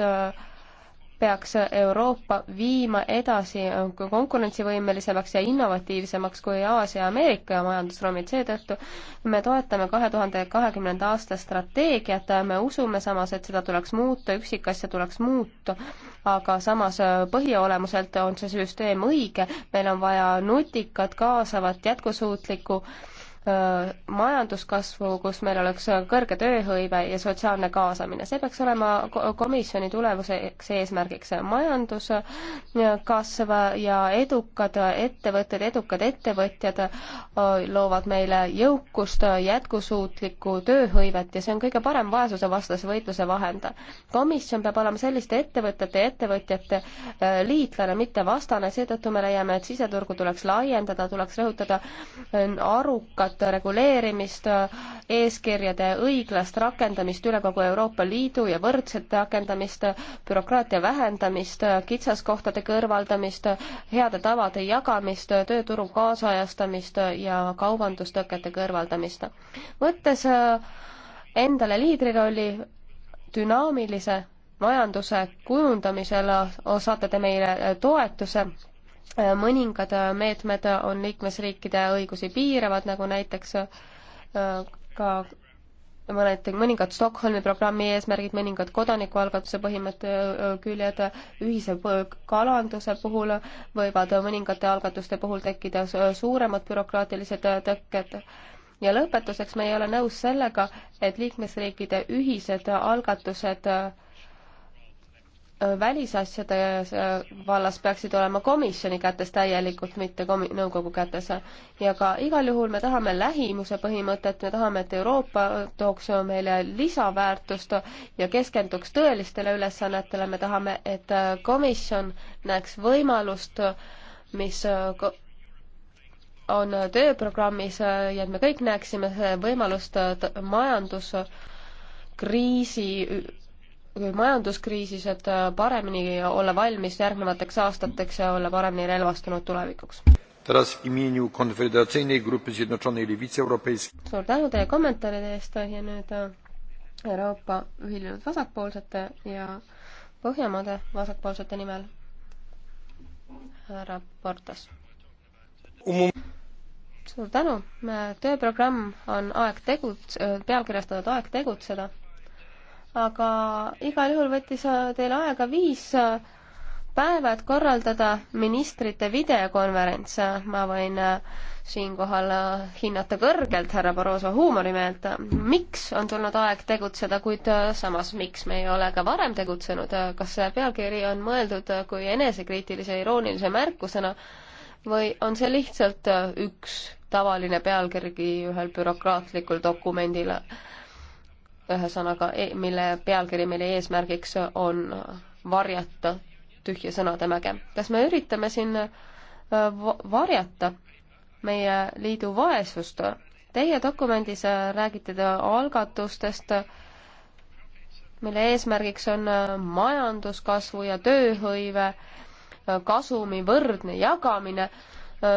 [SPEAKER 1] peaks Euroopa viima edasi konkurentsivõimelisemaks ja innovatiivsemaks kui Aasia ja Ameerika majandusruumid, seetõttu me toetame kahe tuhande kahekümnenda aasta strateegiat, me usume samas, et seda tuleks muuta, üksikasja tuleks muuta, aga samas põhiolemuselt on see süsteem õige, meil on vaja nutikat, kaasavat, jätkusuutlikku Äh, majanduskasvu, kus meil oleks kõrge tööhõive ja sotsiaalne kaasamine. see peaks olema komisjoni tulevuseks eesmärgiks. majanduskasv ja edukad ettevõtted, edukad ettevõtjad äh, loovad meile jõukust, jätkusuutlikku tööhõivet ja see on kõige parem vaesusevastase võitluse vahend. komisjon peab olema selliste ettevõtete ja ettevõtjate äh, liitlane, mitte vastane, seetõttu me leiame, et siseturgu tuleks laiendada, tuleks rõhutada arukat tugevat reguleerimist, eeskirjade õiglast rakendamist üle kogu Euroopa Liidu ja võrdset rakendamist, bürokraatia vähendamist, kitsaskohtade kõrvaldamist, heade tavade jagamist, tööturu kaasajastamist ja kaubandustõkete kõrvaldamist. võttes äh, endale liidrirolli dünaamilise majanduse kujundamisel äh, saate te meile äh, toetuse Äh, mõningad äh, meetmed on liikmesriikide õigusi piiravad, nagu näiteks äh, ka mõned, mõningad Stockholmi programmi eesmärgid, mõningad kodanikualgatuse põhimõtte küljed ühise kalanduse puhul võivad mõningate algatuste puhul tekkida suuremad bürokraatilised tõkked ja lõpetuseks me ei ole nõus sellega, et liikmesriikide ühised algatused äh, välisasjade vallas peaksid olema komisjoni kätes täielikult, mitte komi-, nõukogu kätes. ja ka igal juhul me tahame lähimuse põhimõtet, me tahame, et Euroopa tooks meile lisaväärtust ja keskenduks tõelistele ülesannetele, me tahame, et komisjon näeks võimalust, mis on tööprogrammis ja et me kõik näeksime võimalust majanduskriisi majanduskriisis, et äh, paremini olla valmis järgnevateks aastateks ja olla paremini relvastunud tulevikuks. suur tänu teie kommentaaride eest ja nüüd äh, Euroopa Ühinenud Vasakpoolsete ja Põhjamaade Vasakpoolsete nimel härra Portas. suur tänu, tööprogramm on Aeg tegut-, pealkirjastatud Aeg tegutseda aga igal juhul võttis teil aega viis päeva, et korraldada ministrite videokonverents. ma võin äh, siinkohal äh, hinnata kõrgelt härra Barroso huumorimeelt. miks on tulnud aeg tegutseda, kuid äh, samas, miks me ei ole ka varem tegutsenud? kas see pealkiri on mõeldud kui enesekriitilise iroonilise märkusena või on see lihtsalt üks tavaline pealkiri ühel bürokraatlikul dokumendil? ühesõnaga, e, mille pealkiri, mille eesmärgiks on varjata tühja sõnade mäge. kas me üritame siin äh, varjata meie liidu vaesust? Teie dokumendis äh, räägite te algatustest, mille eesmärgiks on äh, majanduskasvu ja tööhõive kasumi võrdne jagamine.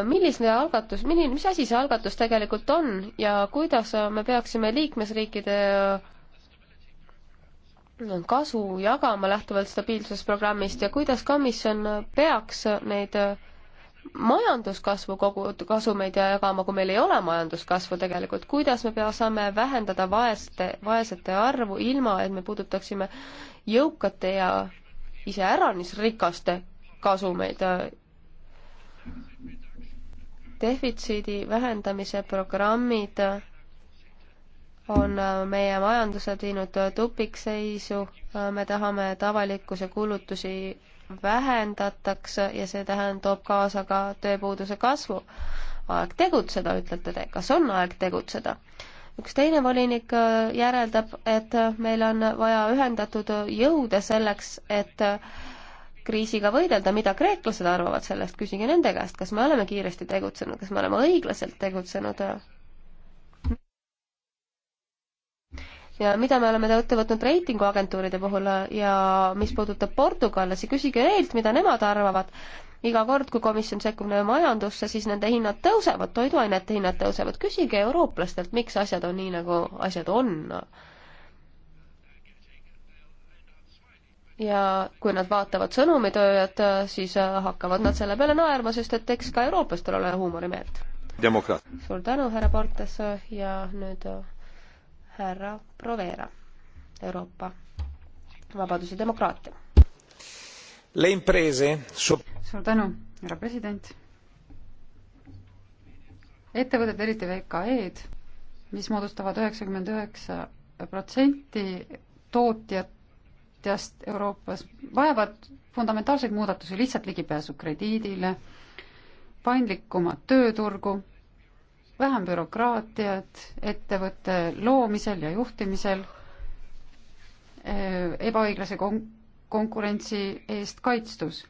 [SPEAKER 1] milline algatus, milline, mis asi see algatus tegelikult on ja kuidas me peaksime liikmesriikide kasu jagama lähtuvalt stabiilsusprogrammist ja kuidas komisjon peaks neid äh, majanduskasvu kogu, kasumeid ja jagama, kui meil ei ole majanduskasvu tegelikult, kuidas me pea-, saame vähendada vaeste, vaesete arvu, ilma et me puudutaksime jõukate ja iseäranis rikaste kasumeid? defitsiidi vähendamise programmid on äh, meie majanduse teinud äh, tupikseisu, äh, me tahame, et avalikkuse kulutusi vähendatakse ja see tähendab, toob kaasa ka tööpuuduse kasvu. aeg tegutseda, ütlete te, kas on aeg tegutseda? üks teine volinik järeldab, et meil on vaja ühendatud jõude selleks, et kriisiga võidelda, mida kreeklased arvavad sellest, küsige nende käest, kas me oleme kiiresti tegutsenud, kas me oleme õiglaselt tegutsenud ja mida me oleme ette võtnud reitinguagentuuride puhul ja mis puudutab portugallasi, küsige neilt, mida nemad arvavad. iga kord, kui komisjon sekkub meie majandusse, siis nende hinnad tõusevad, toiduainete hinnad tõusevad. küsige eurooplastelt, miks asjad on nii, nagu asjad on. ja kui nad vaatavad sõnumitööd, siis hakkavad nad selle peale naerma, sest et eks ka eurooplastel ole huumorimeelt. suur tänu, härra Portes ja nüüd härra Provera, Euroopa Vabadus ja Demokraatia. Le imprese su-. suur tänu, härra president.
[SPEAKER 2] ettevõtted, eriti VKE-d, mis moodustavad üheksakümmend üheksa protsenti tootjatest Euroopas, vajavad fundamentaalseid muudatusi, lihtsalt ligipääsu krediidile, paindlikumat tööturgu vähem bürokraatiat ettevõtte loomisel ja juhtimisel, eh, ebaõiglase kon-, konkurentsi eest kaitstus.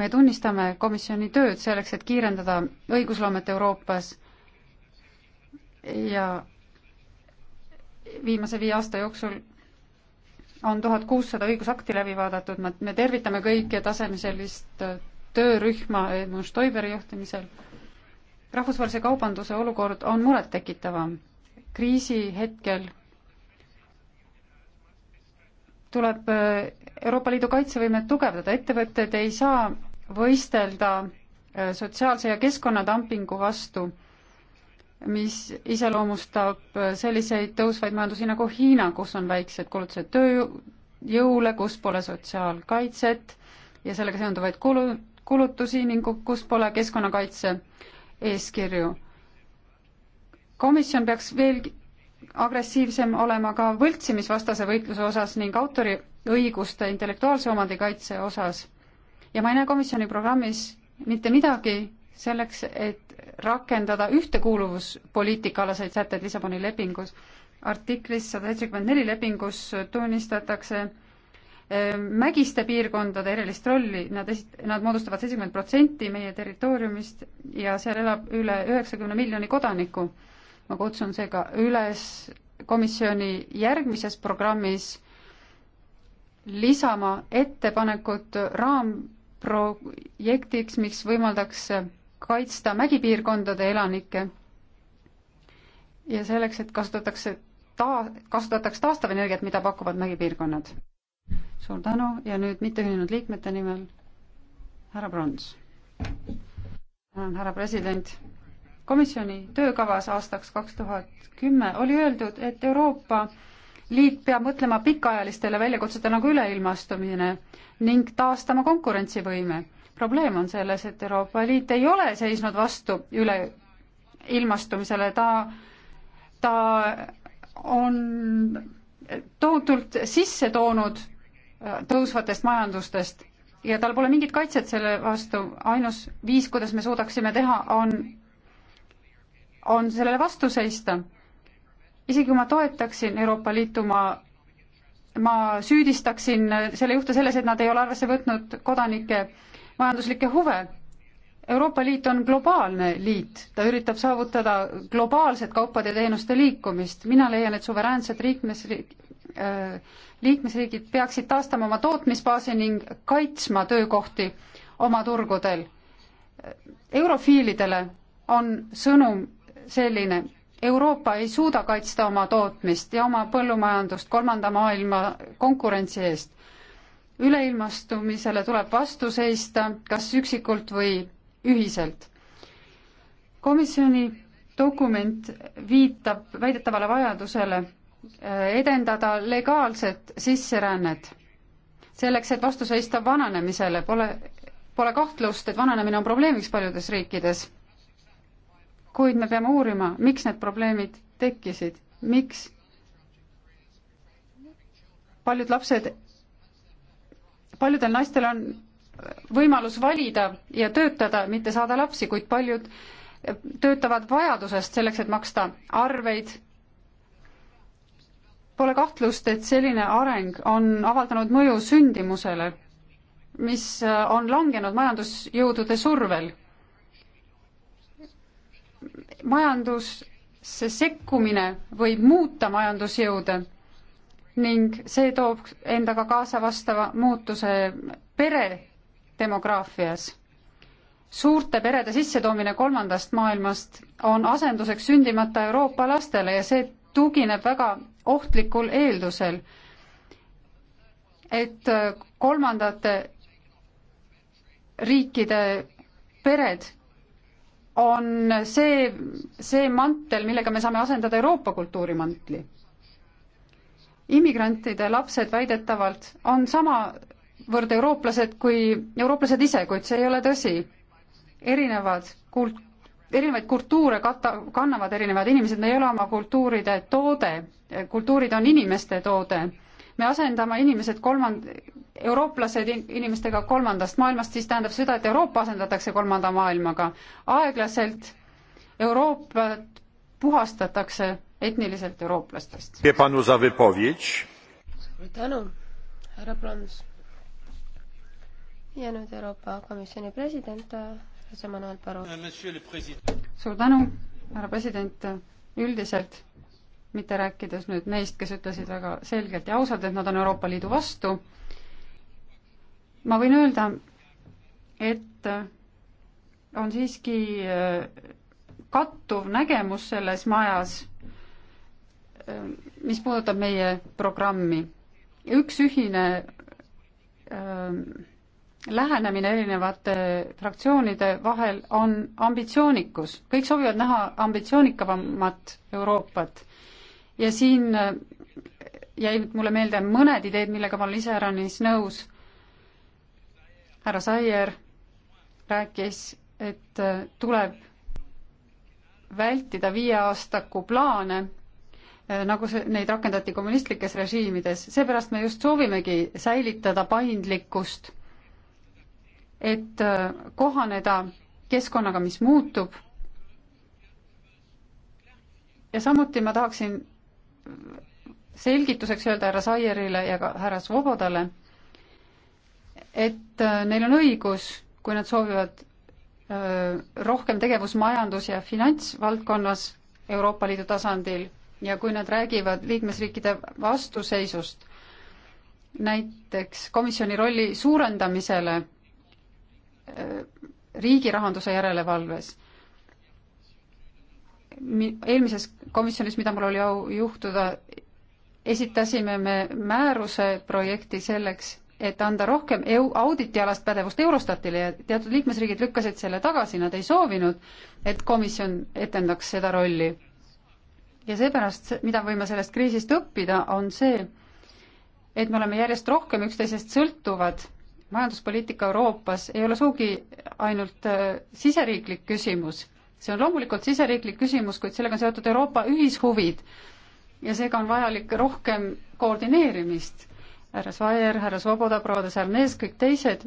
[SPEAKER 2] me tunnistame komisjoni tööd selleks, et kiirendada õigusloomet Euroopas ja viimase viie aasta jooksul on tuhat kuussada õigusakti läbi vaadatud, me tervitame kõiki tasemel sellist töörühma Edmund Stoiberi juhtimisel rahvusvahelise kaubanduse olukord on murettekitavam. kriisi hetkel tuleb äh, Euroopa Liidu kaitsevõimet tugevdada, ettevõtted ei saa võistelda äh, sotsiaalse ja keskkonnadumpingu vastu, mis iseloomustab äh, selliseid tõusvaid majandusi nagu Hiina, kus on väiksed kulutused tööjõule, kus pole sotsiaalkaitset ja sellega seonduvaid kulu, kulutusi ning kus pole keskkonnakaitse eeskirju. komisjon peaks veelgi agressiivsem olema ka võltsimisvastase võitluse osas ning autoriõiguste intellektuaalse omandi kaitse osas. ja ma ei näe komisjoni programmis mitte midagi selleks, et rakendada ühtekuuluvuspoliitika-alaseid sätteid Lissaboni lepingus. artiklis sada seitsekümmend neli lepingus tunnistatakse Ehm, mägiste piirkondade erilist rolli, nad esi-, nad moodustavad seitsekümmend protsenti meie territooriumist ja seal elab üle üheksakümne miljoni kodaniku. ma kutsun seega üles komisjoni järgmises programmis lisama ettepanekut raamprojektiks, mis võimaldaks kaitsta mägipiirkondade elanikke ja selleks, et kasutatakse taa-, kasutataks taastuvenergiat, mida pakuvad mägipiirkonnad suur tänu ja nüüd mitteühinenud liikmete nimel härra Brons. tänan, härra president. komisjoni töökavas aastaks kaks tuhat kümme oli öeldud, et Euroopa Liit peab mõtlema pikaajalistele väljakutsetele nagu üleilmastumine ning taastama konkurentsivõime. probleem on selles, et Euroopa Liit ei ole seisnud vastu üleilmastumisele, ta, ta on tohutult sisse toonud tõusvatest majandustest ja tal pole mingit kaitset selle vastu, ainus viis, kuidas me suudaksime teha, on, on sellele vastu seista. isegi kui ma toetaksin Euroopa Liitu, ma, ma süüdistaksin selle juhte selles, et nad ei ole arvesse võtnud kodanike majanduslikke huve. Euroopa Liit on globaalne liit, ta üritab saavutada globaalset kaupade ja teenuste liikumist, mina leian, et suveräänsed liikmesriik, Äh, liikmesriigid peaksid taastama oma tootmisbaasi ning kaitsma töökohti oma turgudel. Äh, eurofiilidele on sõnum selline, Euroopa ei suuda kaitsta oma tootmist ja oma põllumajandust kolmanda maailma konkurentsi eest. üleilmastumisele tuleb vastu seista kas üksikult või ühiselt. komisjoni dokument viitab väidetavale vajadusele edendada legaalset sisserännet. selleks, et vastu seista vananemisele, pole, pole kahtlust, et vananemine on probleemiks paljudes riikides. kuid me peame uurima, miks need probleemid tekkisid, miks paljud lapsed, paljudel naistel on võimalus valida ja töötada, mitte saada lapsi, kuid paljud töötavad vajadusest selleks, et maksta arveid Pole kahtlust, et selline areng on avaldanud mõju sündimusele, mis äh, on langenud majandusjõudude survel. majandusse sekkumine võib muuta majandusjõude ning see toob endaga kaasa vastava muutuse peredemograafias suurte perede sissetoomine kolmandast maailmast on asenduseks sündimata Euroopa lastele ja see tugineb väga ohtlikul eeldusel, et kolmandate riikide pered on see, see mantel, millega me saame asendada Euroopa kultuurimantli. immigrantide lapsed väidetavalt on samavõrd eurooplased kui eurooplased ise, kuid see ei ole tõsi. erinevad kult-, erinevaid kultuure kata, kannavad erinevad inimesed, me ei ole oma kultuuride toode, kultuurid on inimeste toode. me asendame inimesed kolmand-, eurooplased inimestega kolmandast maailmast, siis tähendab seda, et Euroopa asendatakse kolmanda maailmaga. aeglaselt Euroopat puhastatakse etniliselt eurooplastest.
[SPEAKER 1] suur tänu, härra Prants. ja nüüd Euroopa Komisjoni president Jose Manuel Barro. Euh,
[SPEAKER 2] suur tänu, härra president, üldiselt, mitte rääkides nüüd neist, kes ütlesid väga selgelt ja ausalt, et nad on Euroopa Liidu vastu, ma võin öelda, et on siiski äh, kattuv nägemus selles majas, äh, mis puudutab meie programmi. üks ühine öö, äh, lähenemine erinevate fraktsioonide vahel on ambitsioonikus, kõik soovivad näha ambitsioonikavamat Euroopat ja siin äh, jäid mulle meelde mõned ideed, millega ma olen iseäranis nõus. härra Saier rääkis, et äh, tuleb vältida viieaastaku plaane, äh, nagu see, neid rakendati kommunistlikes režiimides, seepärast me just soovimegi säilitada paindlikkust et äh, kohaneda keskkonnaga, mis muutub. ja samuti ma tahaksin selgituseks öelda härra Saierile ja ka härra Svobodale, et äh, neil on õigus, kui nad soovivad äh, rohkem tegevus majandus- ja finantsvaldkonnas Euroopa Liidu tasandil ja kui nad räägivad liikmesriikide vastuseisust, näiteks komisjoni rolli suurendamisele riigi rahanduse järelevalves. eelmises komisjonis, mida mul oli au juhtuda, esitasime me määruse projekti selleks, et anda rohkem EU auditialast pädevust Eurostatile ja teatud liikmesriigid lükkasid selle tagasi, nad ei soovinud, et komisjon etendaks seda rolli. ja seepärast, mida võime sellest kriisist õppida, on see, et me oleme järjest rohkem üksteisest sõltuvad majanduspoliitika Euroopas ei ole sugugi ainult äh, siseriiklik küsimus, see on loomulikult siseriiklik küsimus, kuid sellega on seotud Euroopa ühishuvid ja seega on vajalik rohkem koordineerimist. härra Svaer, härra Svoboda, proua de Sarnes, kõik teised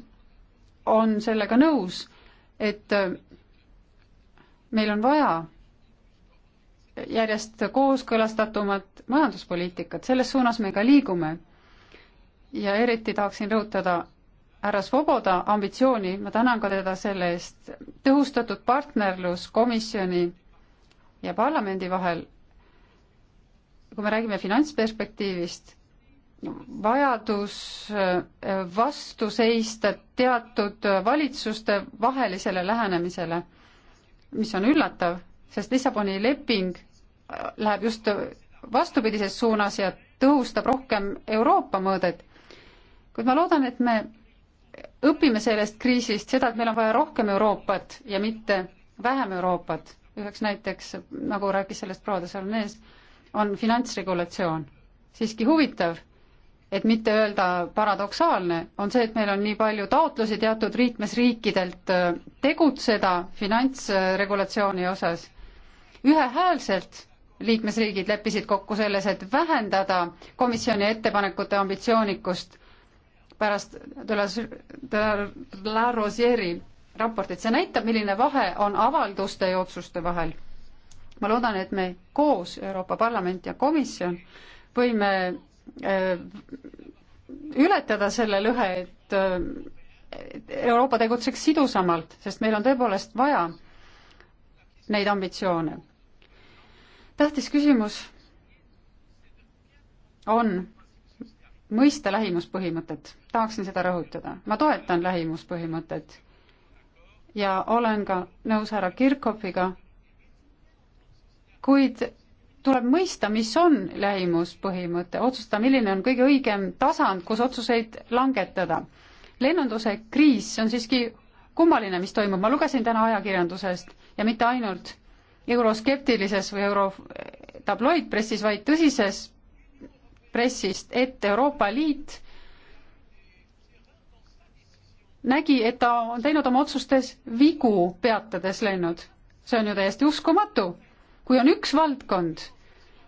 [SPEAKER 2] on sellega nõus, et äh, meil on vaja järjest kooskõlastatumat majanduspoliitikat, selles suunas me ka liigume. ja eriti tahaksin rõhutada härra Svoboda ambitsiooni, ma tänan ka teda selle eest, tõhustatud partnerlus komisjoni ja parlamendi vahel, kui me räägime finantsperspektiivist, vajadus äh, vastu seista teatud äh, valitsuste vahelisele lähenemisele, mis on üllatav, sest Lissaboni leping äh, läheb just vastupidises suunas ja tõhustab rohkem Euroopa mõõdet. kuid ma loodan, et me õpime sellest kriisist seda, et meil on vaja rohkem Euroopat ja mitte vähem Euroopat. üheks näiteks, nagu rääkis sellest proua de Sarnes, on finantsregulatsioon. siiski huvitav, et mitte öelda paradoksaalne, on see, et meil on nii palju taotlusi teatud liikmesriikidelt äh, tegutseda finantsregulatsiooni osas. ühehäälselt liikmesriigid leppisid kokku selles, et vähendada komisjoni ettepanekute ambitsioonikust pärast de la, de la, de la Rosieri raportit, see näitab, milline vahe on avalduste ja otsuste vahel. ma loodan, et me koos, Euroopa Parlament ja Komisjon, võime öö, äh, ületada selle lõhe, et öö, äh, Euroopa tegutseks sidusamalt, sest meil on tõepoolest vaja neid ambitsioone. tähtis küsimus on mõista lähimuspõhimõtet tahaksin seda rõhutada. ma toetan lähimuspõhimõtet ja olen ka nõus härra Kirkhoffiga, kuid tuleb mõista, mis on lähimuspõhimõte, otsustada, milline on kõige õigem tasand, kus otsuseid langetada. lennunduse kriis on siiski kummaline, mis toimub, ma lugesin täna ajakirjandusest ja mitte ainult euroskeptilises või euro tabloidpressis, vaid tõsises pressist, et Euroopa Liit nägi, et ta on teinud oma otsustes vigu, peatades lennud. see on ju täiesti uskumatu. kui on üks valdkond,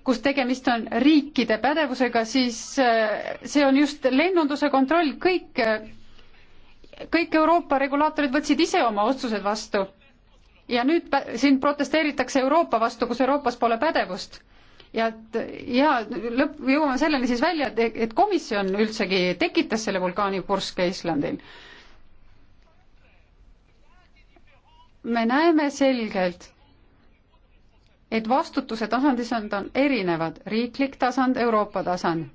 [SPEAKER 2] kus tegemist on riikide pädevusega, siis eh, see on just lennunduse kontroll, kõik, eh, kõik Euroopa regulaatorid võtsid ise oma otsused vastu. ja nüüd siin protesteeritakse Euroopa vastu, kus Euroopas pole pädevust ja et ja lõpp, jõuame selleni siis välja, et, et komisjon üldsegi tekitas selle vulkaanipurske Islandil me näeme selgelt, et vastutuse tasandis on, on erinevad, riiklik tasand, Euroopa tasand.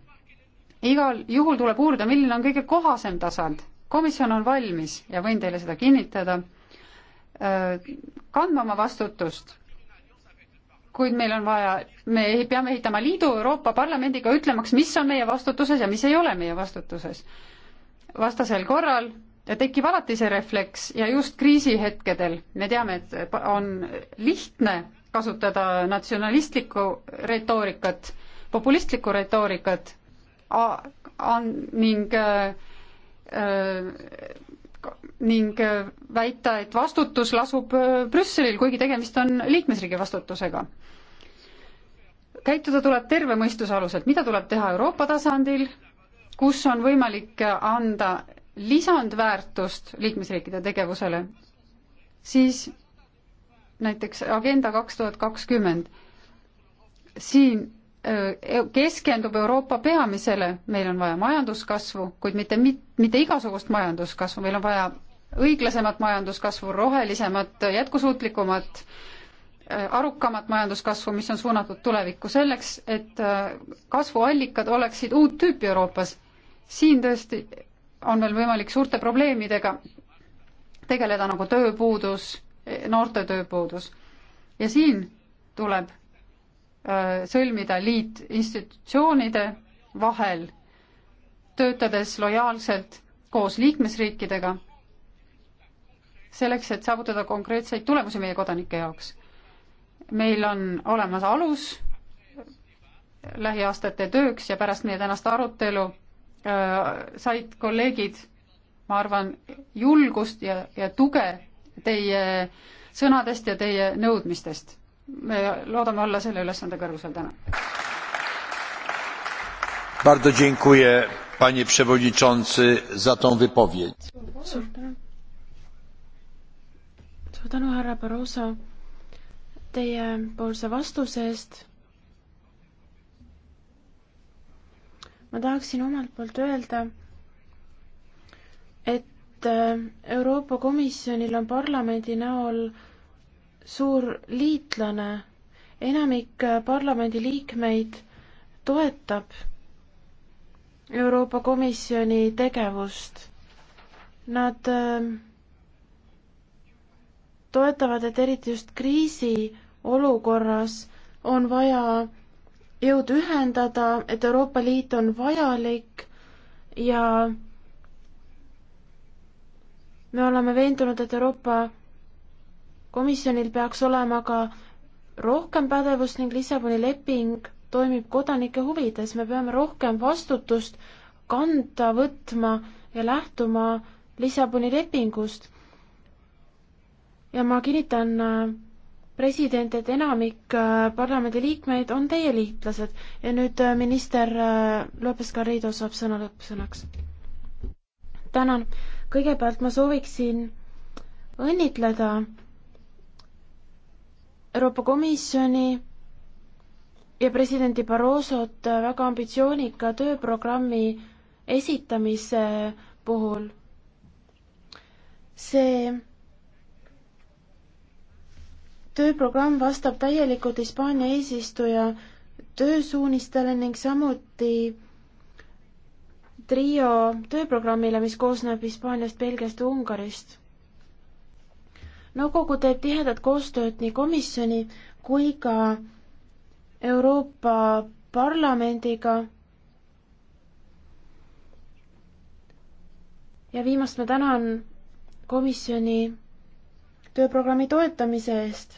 [SPEAKER 2] igal juhul tuleb uurida, milline on kõige kohasem tasand. komisjon on valmis ja võin teile seda kinnitada, kandma oma vastutust kuid meil on vaja, me peame ehitama liidu Euroopa Parlamendiga, ütlemaks, mis on meie vastutuses ja mis ei ole meie vastutuses. vastasel korral tekib alati see refleks ja just kriisihetkedel me teame, et on lihtne kasutada natsionalistlikku retoorikat, populistlikku retoorikat ning äh, äh, ning äh, väita, et vastutus lasub Brüsselil, kuigi tegemist on liikmesriigi vastutusega. käituda tuleb terve mõistuse aluselt, mida tuleb teha Euroopa tasandil, kus on võimalik anda lisandväärtust liikmesriikide tegevusele, siis näiteks Agenda kaks tuhat kakskümmend, siin äh, e-, keskendub Euroopa peamisele, meil on vaja majanduskasvu, kuid mitte, mitte igasugust majanduskasvu, meil on vaja õiglasemat majanduskasvu, rohelisemat, jätkusuutlikumat, äh, arukamat majanduskasvu, mis on suunatud tulevikku, selleks et äh, kasvuallikad oleksid uut tüüpi Euroopas. siin tõesti on meil võimalik suurte probleemidega tegeleda, nagu tööpuudus, noorte tööpuudus. ja siin tuleb öö, äh, sõlmida liit institutsioonide vahel, töötades lojaalselt koos liikmesriikidega, selleks, et saavutada konkreetseid tulemusi meie kodanike jaoks. meil on olemas alus lähiaastate tööks ja pärast meie tänast arutelu Äh, said kolleegid, ma arvan, julgust ja, ja tuge teie sõnadest ja teie nõudmistest. me loodame olla selle ülesande kõrgusel täna. Bardzo dziękuję panie przewodniczący za tą wypowiedź.
[SPEAKER 3] Suur tänu, Suur tänu, härra Barroso, teiepoolse vastuse eest ma tahaksin omalt poolt öelda, et äh, Euroopa Komisjonil on parlamendi näol suur liitlane, enamik äh, parlamendi liikmeid toetab Euroopa Komisjoni tegevust. Nad äh, toetavad, et eriti just kriisiolukorras on vaja jõud ühendada, et Euroopa Liit on vajalik ja me oleme veendunud, et Euroopa Komisjonil peaks olema ka rohkem pädevust ning Lissaboni leping toimib kodanike huvides, me peame rohkem vastutust kanda võtma ja lähtuma Lissaboni lepingust. ja ma kinnitan äh, president, et enamik äh, parlamendiliikmeid on teie liitlased ja nüüd äh, minister äh, Lopez Garrido saab sõna lõppsõnaks. tänan, kõigepealt ma sooviksin õnnitleda Euroopa Komisjoni ja presidenti Barrosot väga ambitsioonika tööprogrammi esitamise puhul. see tööprogramm vastab täielikult Hispaania eesistuja töösuunistele ning samuti trio tööprogrammile, mis koosneb Hispaaniast, Belgiast ja Ungarist. nõukogu teeb tihedat koostööd nii komisjoni kui ka Euroopa Parlamendiga. ja viimast ma tänan komisjoni tööprogrammi toetamise eest.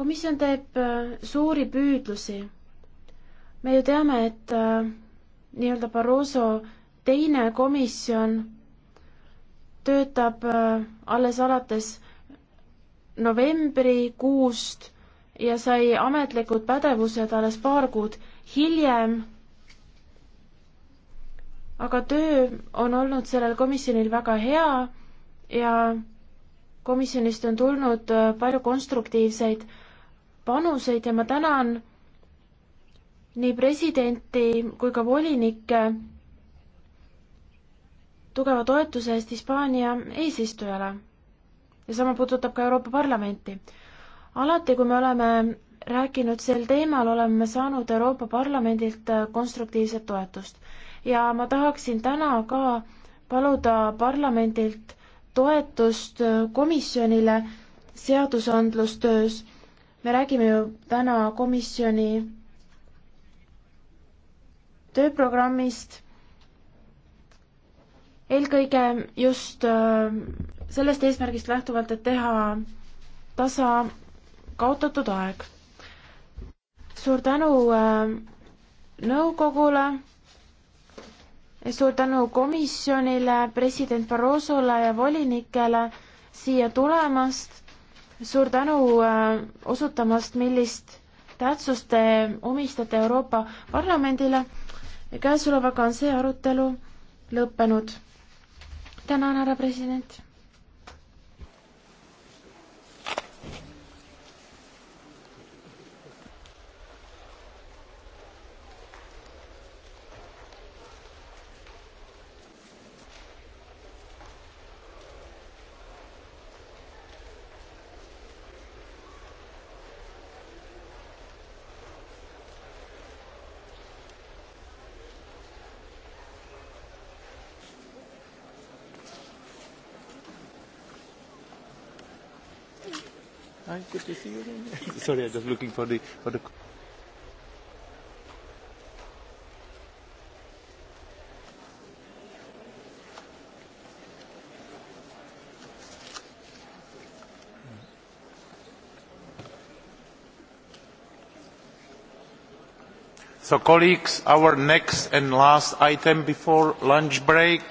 [SPEAKER 3] komisjon teeb äh, suuri püüdlusi. me ju teame, et äh, nii-öelda Barroso teine komisjon töötab äh, alles alates novembrikuust ja sai ametlikud pädevused alles paar kuud hiljem. aga töö on olnud sellel komisjonil väga hea ja komisjonist on tulnud äh, palju konstruktiivseid panuseid ja ma tänan nii presidenti kui ka volinikke tugeva toetuse eest Hispaania eesistujale. ja sama puudutab ka Euroopa Parlamenti. alati, kui me oleme rääkinud sel teemal, oleme saanud Euroopa Parlamendilt äh, konstruktiivset toetust. ja ma tahaksin täna ka paluda parlamendilt toetust komisjonile seadusandlustöös. me räägime ju täna komisjoni tööprogrammist, eelkõige just äh, sellest eesmärgist lähtuvalt, et teha tasa kaotatud aeg. suur tänu äh, nõukogule suur tänu komisjonile, president Barrosole ja volinikele siia tulemast. suur tänu äh, osutamast, millist tähtsust te omistate Euroopa Parlamendile. käesolevaga on see arutelu lõppenud. tänan, härra president
[SPEAKER 1] Good to see you again.
[SPEAKER 3] Sorry, I'm just looking for the for the.
[SPEAKER 2] So colleagues, our next and last item before lunch break